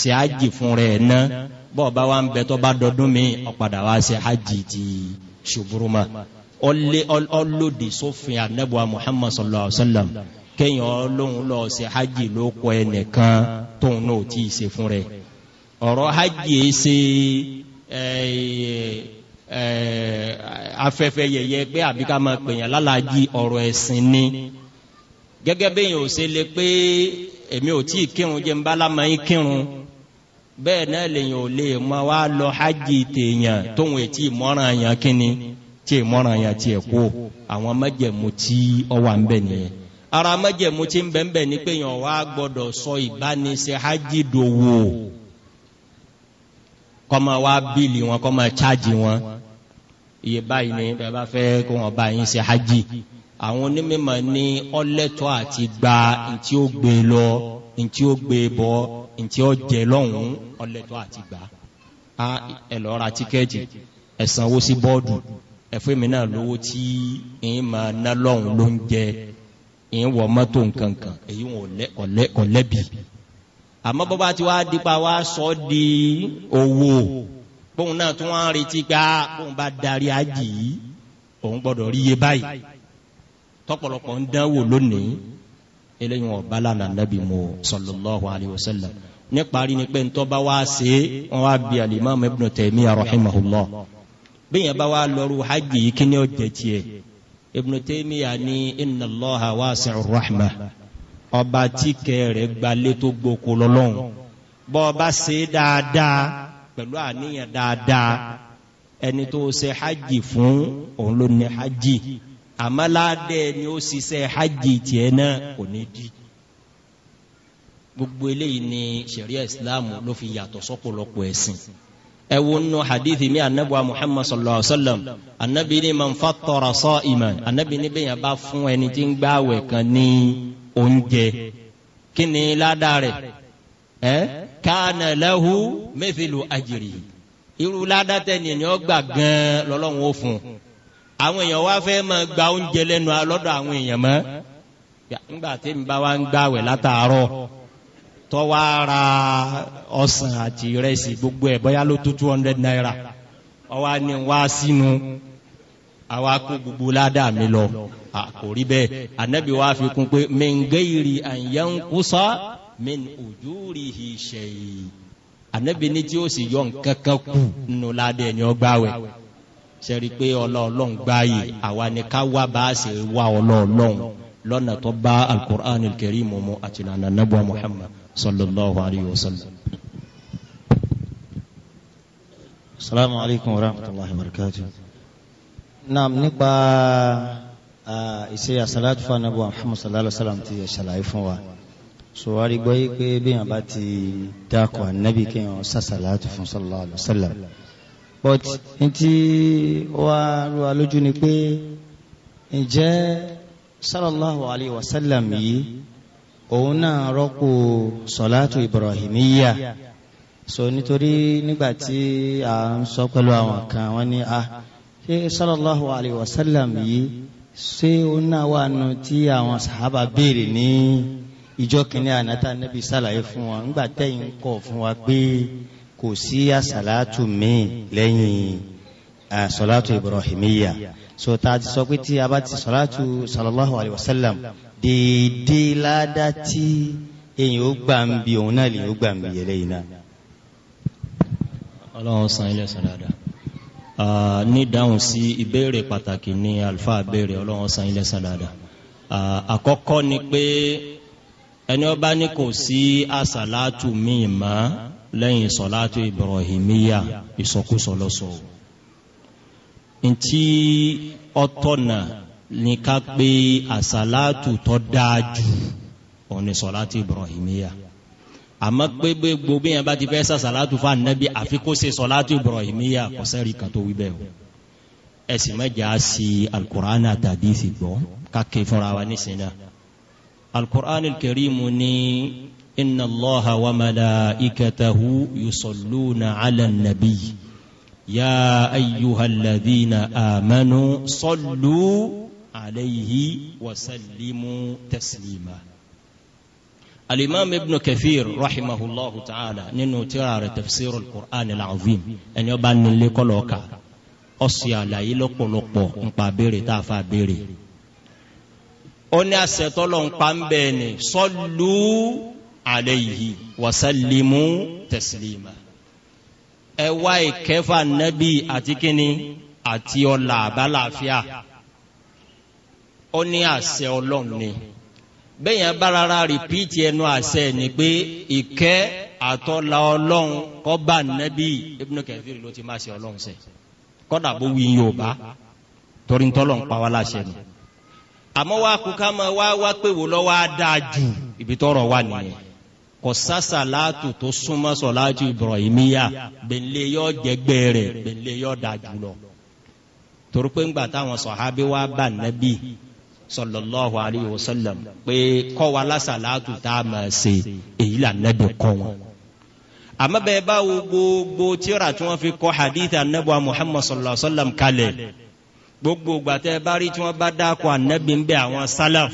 ṣe ájì fún rẹ̀ ná bọ́ ọba wa ń bẹ tó bá dọdún mi ọ̀padà wa ṣe ájì ti ṣubúrúmà ọlọ́dẹ sófin anabuwa muhammad sallallahu alaihi wa sallam kéèyàn lóhun lọ ṣe ájì ló kọ ẹnìkan tóun náà tí ì ṣe fún rẹ̀ ọ̀rọ̀ ájì ẹ ṣe afẹ́fẹ́ yẹyẹ pé àbí ká máa pèèyàn lálàájì ọ̀rọ̀ ẹ̀sìn ni gẹ́gẹ́ bẹ́yìn ò ṣe lè pé èmi ò tí ì kírun jẹ́ ń bá yín kírun bẹ́ẹ̀ náà lèyìn ò lè mọ wá lọ hajj tèèyàn tóun ètí ìmọ̀ràn àyàn kínni tí ìmọ̀ràn àyàn tiẹ̀ kú àwọn mẹ́jẹ̀mú tí ọ wà ń bẹ̀ nìyẹn ara mẹ́jẹ̀mú tí ń bẹ̀ ń bẹ̀ ni pé yàn wá gbọ́dọ̀ sọ ìbánisẹ́ hajj dòwò kọ́mọ wá bíìlì wọn kọ́mọ wọn iye báyìí ni bẹ́ẹ̀ wọn ṣe hajj. àwọn onímọ̀ ní ọlẹ́tọ́ àti gba ntí ó gbé lọ ntí ó gbé bọ ntí ó jẹ lọ́hùn ọlẹ́tọ́ àti gbà á ẹ lọ ra tíkẹ́ẹ̀tì ẹ sanwó sí bọ́ọ̀dù ẹ̀fọ́ mi náà lówó tí ẹ̀yin máa ná lọ́hùn ló ń jẹ ẹ̀yin wọ mọ́tò nkankan èyí wọn ọ̀lẹ́bì àmọ́ bọ́bá tí wàá dípa wá sọ ọ́ di owó bóun náà tún wá ń retí gbá ah, bóun bá darí àjì yìí òun gbọ́dọ̀ rí iye báyìí tọ́pọ̀lọpọ̀ ń dánwò lónìí eléyìn ọ̀bá lànà nàbì mọ́ sallallahu alayhi wa sallam níparí ni pé ntọ́ bá wá sí wọn wá bí alimami ibn Taymiyyah rahimahullah bí yẹn bá wá lọ́rù hajj yìí kí ni ó jẹ tiẹ̀ ibn Taymiyyah ní inna Allaha wasi'ur rahmah ọba tí kẹrẹ gbalẹ̀ tó gboko lọ́lọ́run bọ́ ọba ṣe dáadáa pẹ̀lú àníyàn dáadáa ẹni tó ṣe hajj fún òun ló ní hajj àmàládẹ́ ni ó ṣiṣẹ́ hajj tiẹ̀ náà kò ní di gbogbo eléyìí ni sariya islam ló fi yàtọ̀ sọ́pọ̀lọpọ̀ ẹ̀sìn ẹ wo nù hadithi mi anabiwa muhammad sallallahu alaihi wa sallam anabi ni man fatara sa'iman anabi ni bẹ́ẹ̀ yẹn bá fún ẹni tí ń gbààwẹ̀ kan ní oúnjẹ kí ni ládàá rẹ̀ ẹ kana lahu mithlu ajri irú ládàá tẹ̀ ni ẹni ó gbà gan lọ́lọ́run ó fún un àwọn èèyàn wá fẹ́ máa gba oúnjẹ lẹ́nu alọ́dọ̀ àwọn èèyàn mọ́ nígbà tí n bá wá ń gbàwẹ̀ látàárọ̀ tọ́ wá ra ọsàn àti ìrẹsì gbogbo ẹ̀ bọ́yá ló tó two hundred naira ọwá ni wá sínú àwa kó gbogbo ládà mi lọ kò rí bẹ́ẹ̀ ànábì wá fi kún pé mẹ́ngẹ́rì àyànkúsá min ujurihi shay ànábì ní tí ó sì yọ nǹkan kan kù nínú ládà ẹ̀ ní ọgbàwẹ̀ sẹ́rí pé ọlọ́ọ̀lọ́n gbáyé àwa ni ká wá bá a sì wá ọlọ́ọ̀lọ́n lọ́nà tó bá alukur'an kẹrí mọ́mọ́ àti lànà nàbọ̀ muhammad sallallahu alayhi wa sallam. salaamu alaykum wa rahmatulahi wa barakatu. naam nípa ìṣe àṣàlátù fún anabu muhammad sallallahu alayhi wa sallam ti ṣàlàyé fún wa sọwárí gbọ́ yí pé bí yàn bá ti dákọ̀ anabi kéèyàn ṣàṣàlátù fún sallallahu alayhi wa sallam but nti wá rú wa lójú ni pé ǹjẹ́ sallallahu alayhi wa sallam yìí òun náà rọ́pò sọ̀látù ibrahimiyya so nítorí nígbà tí a ń sọ pẹ̀lú àwọn kan wọ́n ní a ah, ṣé sallallahu alayhi wa sallam yìí ṣé òun náà wà nù tí àwọn sàhábà béèrè ní ìjọ kìnìún ànátà nẹ́bí sàlàyé fún wa ńgbà tẹ́yìn kọ̀ fún wa pé kò sí àsàlátù míì lẹ́yìn àsàlátù ibrahimiya so ta ti sọ pé tí a bá ti sàlátù sallallahu alayhi wa sallam déédé ládá tí èyàn ó gbà ń bi òun náà lè ó gbà ń bi yẹlẹ yìí náà. ọlọ́run san ilé san ní ìdáhùn sí ìbéèrè pàtàkì ní alfa béèrè ọlọ́run san ilé san dáadáa àkọ́kọ́ ni pé ẹni ọba ní kò sí àsàlátù míì mọ́ lẹ́yìn sọ̀látò Ibrahimiyya ìsọkúsọ lọ́sọ̀ ntí ọtọ́nà ní ká pé àsàlátù tó dáa jù òun ni sọ̀látò Ibrahimiyya àmọ́ pé gbogbo bí yẹn bá ti fẹ́ sàsàlátù fún anabi àfi kó ṣe sọ̀látò Ibrahimiyya kò sẹ́rí kan tó wí bẹ́ẹ̀ o ẹ̀sìn mẹ́jà sí alukur'an àtàdí ìsìgbọ́ ká fúnra wa nísìnyí náà alukur'an kẹrìmù ní inna allaha wa malaikatahu yusalluna ala nabi ya ayyuhal ladhina amanu sallu alayhi wa sallimu taslima الإمام ابن كثير رحمه الله تعالى ننو ترار تفسير القرآن العظيم أن يبان اللي قلوكا أصيا لا يلقو لقو نقابيري تافا بيري أني أستطلع نقام بيني صلوا alayhi wa sallimu taslima ẹ wá ìkẹfà nẹ́bí àti kínní àti ọ̀la àbálàáfíà ó ní àṣẹ ọlọ́run ni bẹ́yẹn bá rárá rìpíìtì ẹnu àṣẹ ni pé ìkẹ́ àtọ́la ọlọ́run kọ́ba nẹ́bí Ibn Kathir ló ti máa ṣe ọlọ́run sẹ́ kọ́dà bó wí yóò bá torí ń tọ́lọ̀ ń pa wá láṣẹ ni àmọ́ wá kú ká máa wá wá pé wò lọ́wọ́ á dáa jù ibi tọ́rọ̀ wà nìyẹn kọsasa laatu tó súnmọ́ sọláàtù ibrahimiya gbẹ̀nlé yọ jẹgbẹ́ rẹ̀ gbẹ̀nlé yọ dájú lọ. torípé ńgbà táwọn sọ̀hábí wa bá nàbí sallallahu alayhi wa sallam pé kọ́ wa lásà laatu tá a máa ṣe èyí là nàbí kọ́ wọn. àmọ́ bẹ́ẹ̀ bá gbogbo tíra tí wọ́n fi kọ́ hadith anabu muhammad sallallahu alayhi sallam kalẹ̀ gbogbo gbàtẹ́ bá rí tí wọ́n bá dáko anabi ń bẹ àwọn sálàf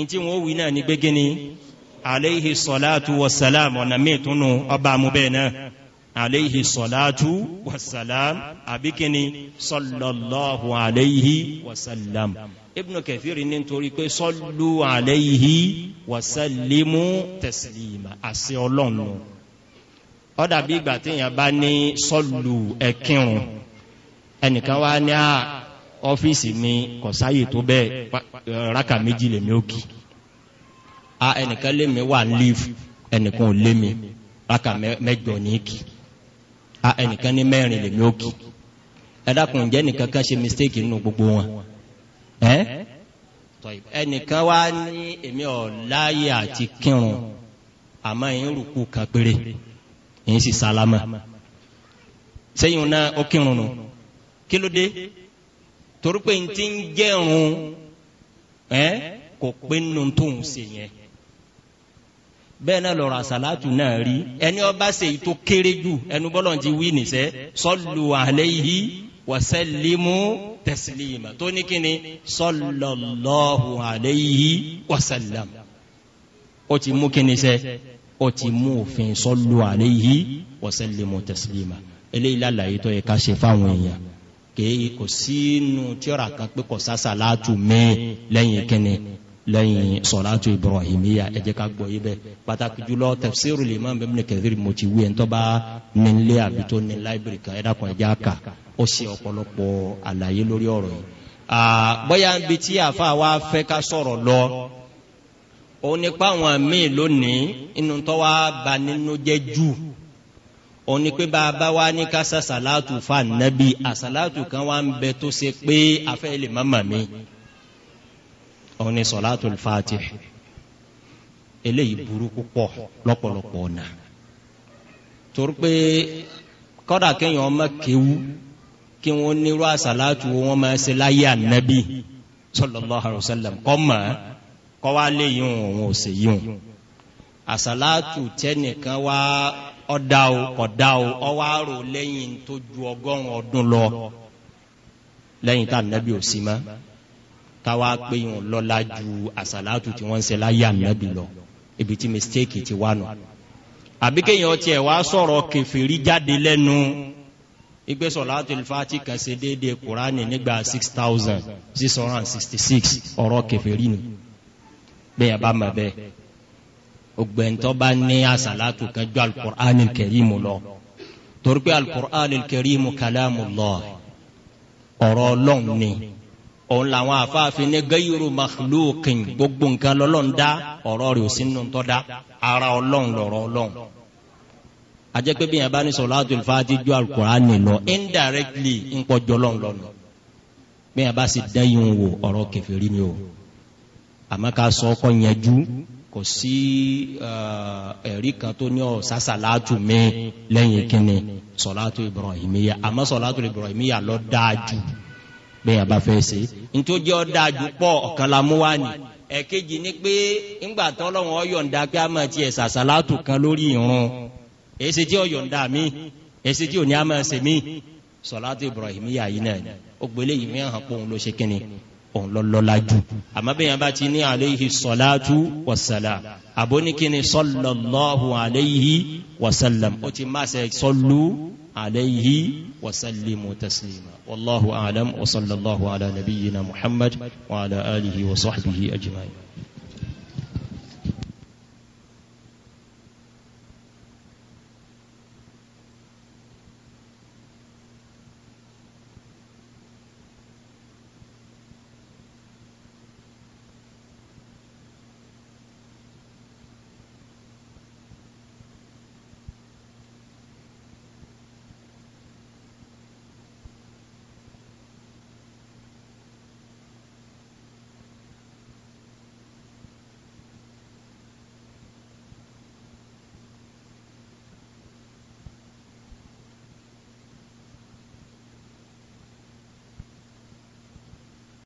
ntí wọ́n aléhì sọ̀látú wasalam ọ̀nà míì túnú ọba amúbẹ̀ náà aléhì sọ̀látú wasalam àbíkíni sọ̀lọ̀lọ́hù aléhì wasalam ibnu kẹfìrì ní nítorí pé sọ́lù aléhì wasalimu tẹ̀sílìmà àṣẹ ọlọ́nu ọ̀dà bí ìgbà téèyàn bá ní sọ́lù ẹ̀kírun ẹnìkan wá ní ah, ọ́fíìsì mi kọ̀sáyè tó bẹ́ẹ̀ rákà méjì lèmi ó kì í a ah, ẹnìkan lé mi wà leave ẹnìkan ò lé mi raka mẹ́jọ ní kì ah, a ẹnìkan ní mẹ́rin lèmi ó kì ẹ dákun ǹjẹ́ kan ṣe mistake nínú gbogbo wọn ẹ ẹnìkan wá ní èmi ọ̀ láàyè àti kírun àmọ́ ẹ̀yin rúkú kan péré ẹ̀yin sì sálámà sẹ́yìn náà ó kírun nù kí ló dé torí pé n ti ń jẹ́rùn kò pé nù tó ń yẹn bẹ́ẹ̀ náà lọ́rọ̀ àsàlátù náà rí ẹni ọba ṣe èyí tó kéré jù ẹnu bọ́lọ̀ ti wí nìṣẹ́ sọ́lù àléyìí wàsálímù tẹ̀sílímà tó ní kíni sọ́lọ̀lọ́hù àléyìí wàsálàm ó ti mú kíni sẹ́ ó ti mú òfin sọ́lù àléyìí wàsálímù tẹ̀sílímà eléyìí lálàyé tó yẹ ká ṣe fáwọn èèyàn kì sínú tíọ́rà kan pé kò sásàlátù mẹ́ lẹ́yìn kíni lẹ́yìn sọ̀látù ibrahimiya ẹ jẹ́ ká gbọ́ yí bẹ́ẹ̀ pàtàkì jùlọ tafsiru Imam Ibn Kathir mo ti wí ẹ̀ ń tọ́ba nílé àbí tó ní láìbírì kan ẹ dákun ẹ jẹ́ ó ṣe ọ̀pọ̀lọpọ̀ àlàyé lórí ọ̀rọ̀ yìí. bóyá ń bi tí àfa wa fẹ́ ká sọ̀rọ̀ lọ òun ni pé àwọn míì lónìí inú tó wá ba nínú jẹ́ jù òun ni pé bàbá wa ní ká sàṣàlátù fa nàbí àṣàlátù kan wá ń bẹ tó ṣe pé àfẹ́ lè má mà òun ni sọlátul Fatih eléyìí burú púpọ̀ lọ́pọ̀lọpọ̀ ọ̀nà torí pé kọ́dà kéèyàn ọmọ kéwu kí wọ́n nírú àsàlátù wọn máa ṣe láyé ànábì sallallahu alaihi wasallam kọ́ mọ̀ kọ́ wá lé yìí wọn òun ò sì yìí wọn àsàlátù tẹ́nìkan wá ọ̀dà o kọ̀dà o ọwọ́ àrò lẹ́yìn tó ju ọgọ́rùn-ún ọdún lọ lẹ́yìn tá ànábì ò sí mọ́ káwá pé yìí lọ́la ju àsàlátù tí wọ́n ń ṣe láyé ànábì lọ ibi tí mistake ti wà nù. àbí kéèyàn tiẹ̀ wá sọ̀rọ̀ kẹfìrí jáde lẹ́nu igbe sọ̀látù ìfàtí kan ṣe déédéé kuraani nígbà six thousand six hundred and sixty six ọ̀rọ̀ kẹfìrí ni bẹ́ẹ̀ yà bá ma bẹ́ẹ̀ ògbẹ́ntọ́ bá ní àsàlátù kan ju alukur'an kẹrìmù lọ torí pé alukur'an kẹrìmù kàlámù lọ ọ̀rọ̀ ọlọ́run ni òun làwọn àfáàfin ní gẹ́yìrú makhlukin gbogbo nǹkan lọ́lọ́run dá ọ̀rọ̀ rẹ̀ ò sí nínú tọ́ dá ara ọlọ́run lọ̀rọ̀ ọlọ́run ajẹ́ pé bí yẹn bá ní solatul fati ju alukurani lọ indirectly ń pọ̀jọ́ ọlọ́run lọ́nà bí yẹn bá sì dẹ́yìn wò ọ̀rọ̀ kẹfìrí ni o àmọ́ ká sọ ọkọ yẹnjú kò sí ẹ̀rí kan tó ní ọ̀ sásàlátù mi lẹ́yìn kínní solatul ibrahimiya àmọ́ solatul ibrahimiya ló bẹ́ẹ̀ yẹn bá fẹ́ ṣe nítorí ọ̀dà àjùpọ̀ ọ̀kan la mú wá ni ẹ̀kejì ni pé ńgbà tọ́lọ́wọ́n ọ̀yọ̀ǹda pé a máa tiẹ̀ sàṣàlátù kan lórí ìrun èsì tí ọ̀yọ̀ǹda mi èsì tí ò a máa ṣe mí sọ̀látù Ibrahim yà yìí náà ó gbélé yìí mi hàn pé òun ló ṣe kíni òun lọ lọ́la jù àmọ́ bẹ́ẹ̀ yẹn bá ti ní alayhi sọ̀látù wassalam àbóníkíni sallallahu alayhi wasallam ó ti máa ṣe sọ́lú عليه وسلموا تسليما والله أعلم وصلى الله على نبينا محمد وعلى آله وصحبه أجمعين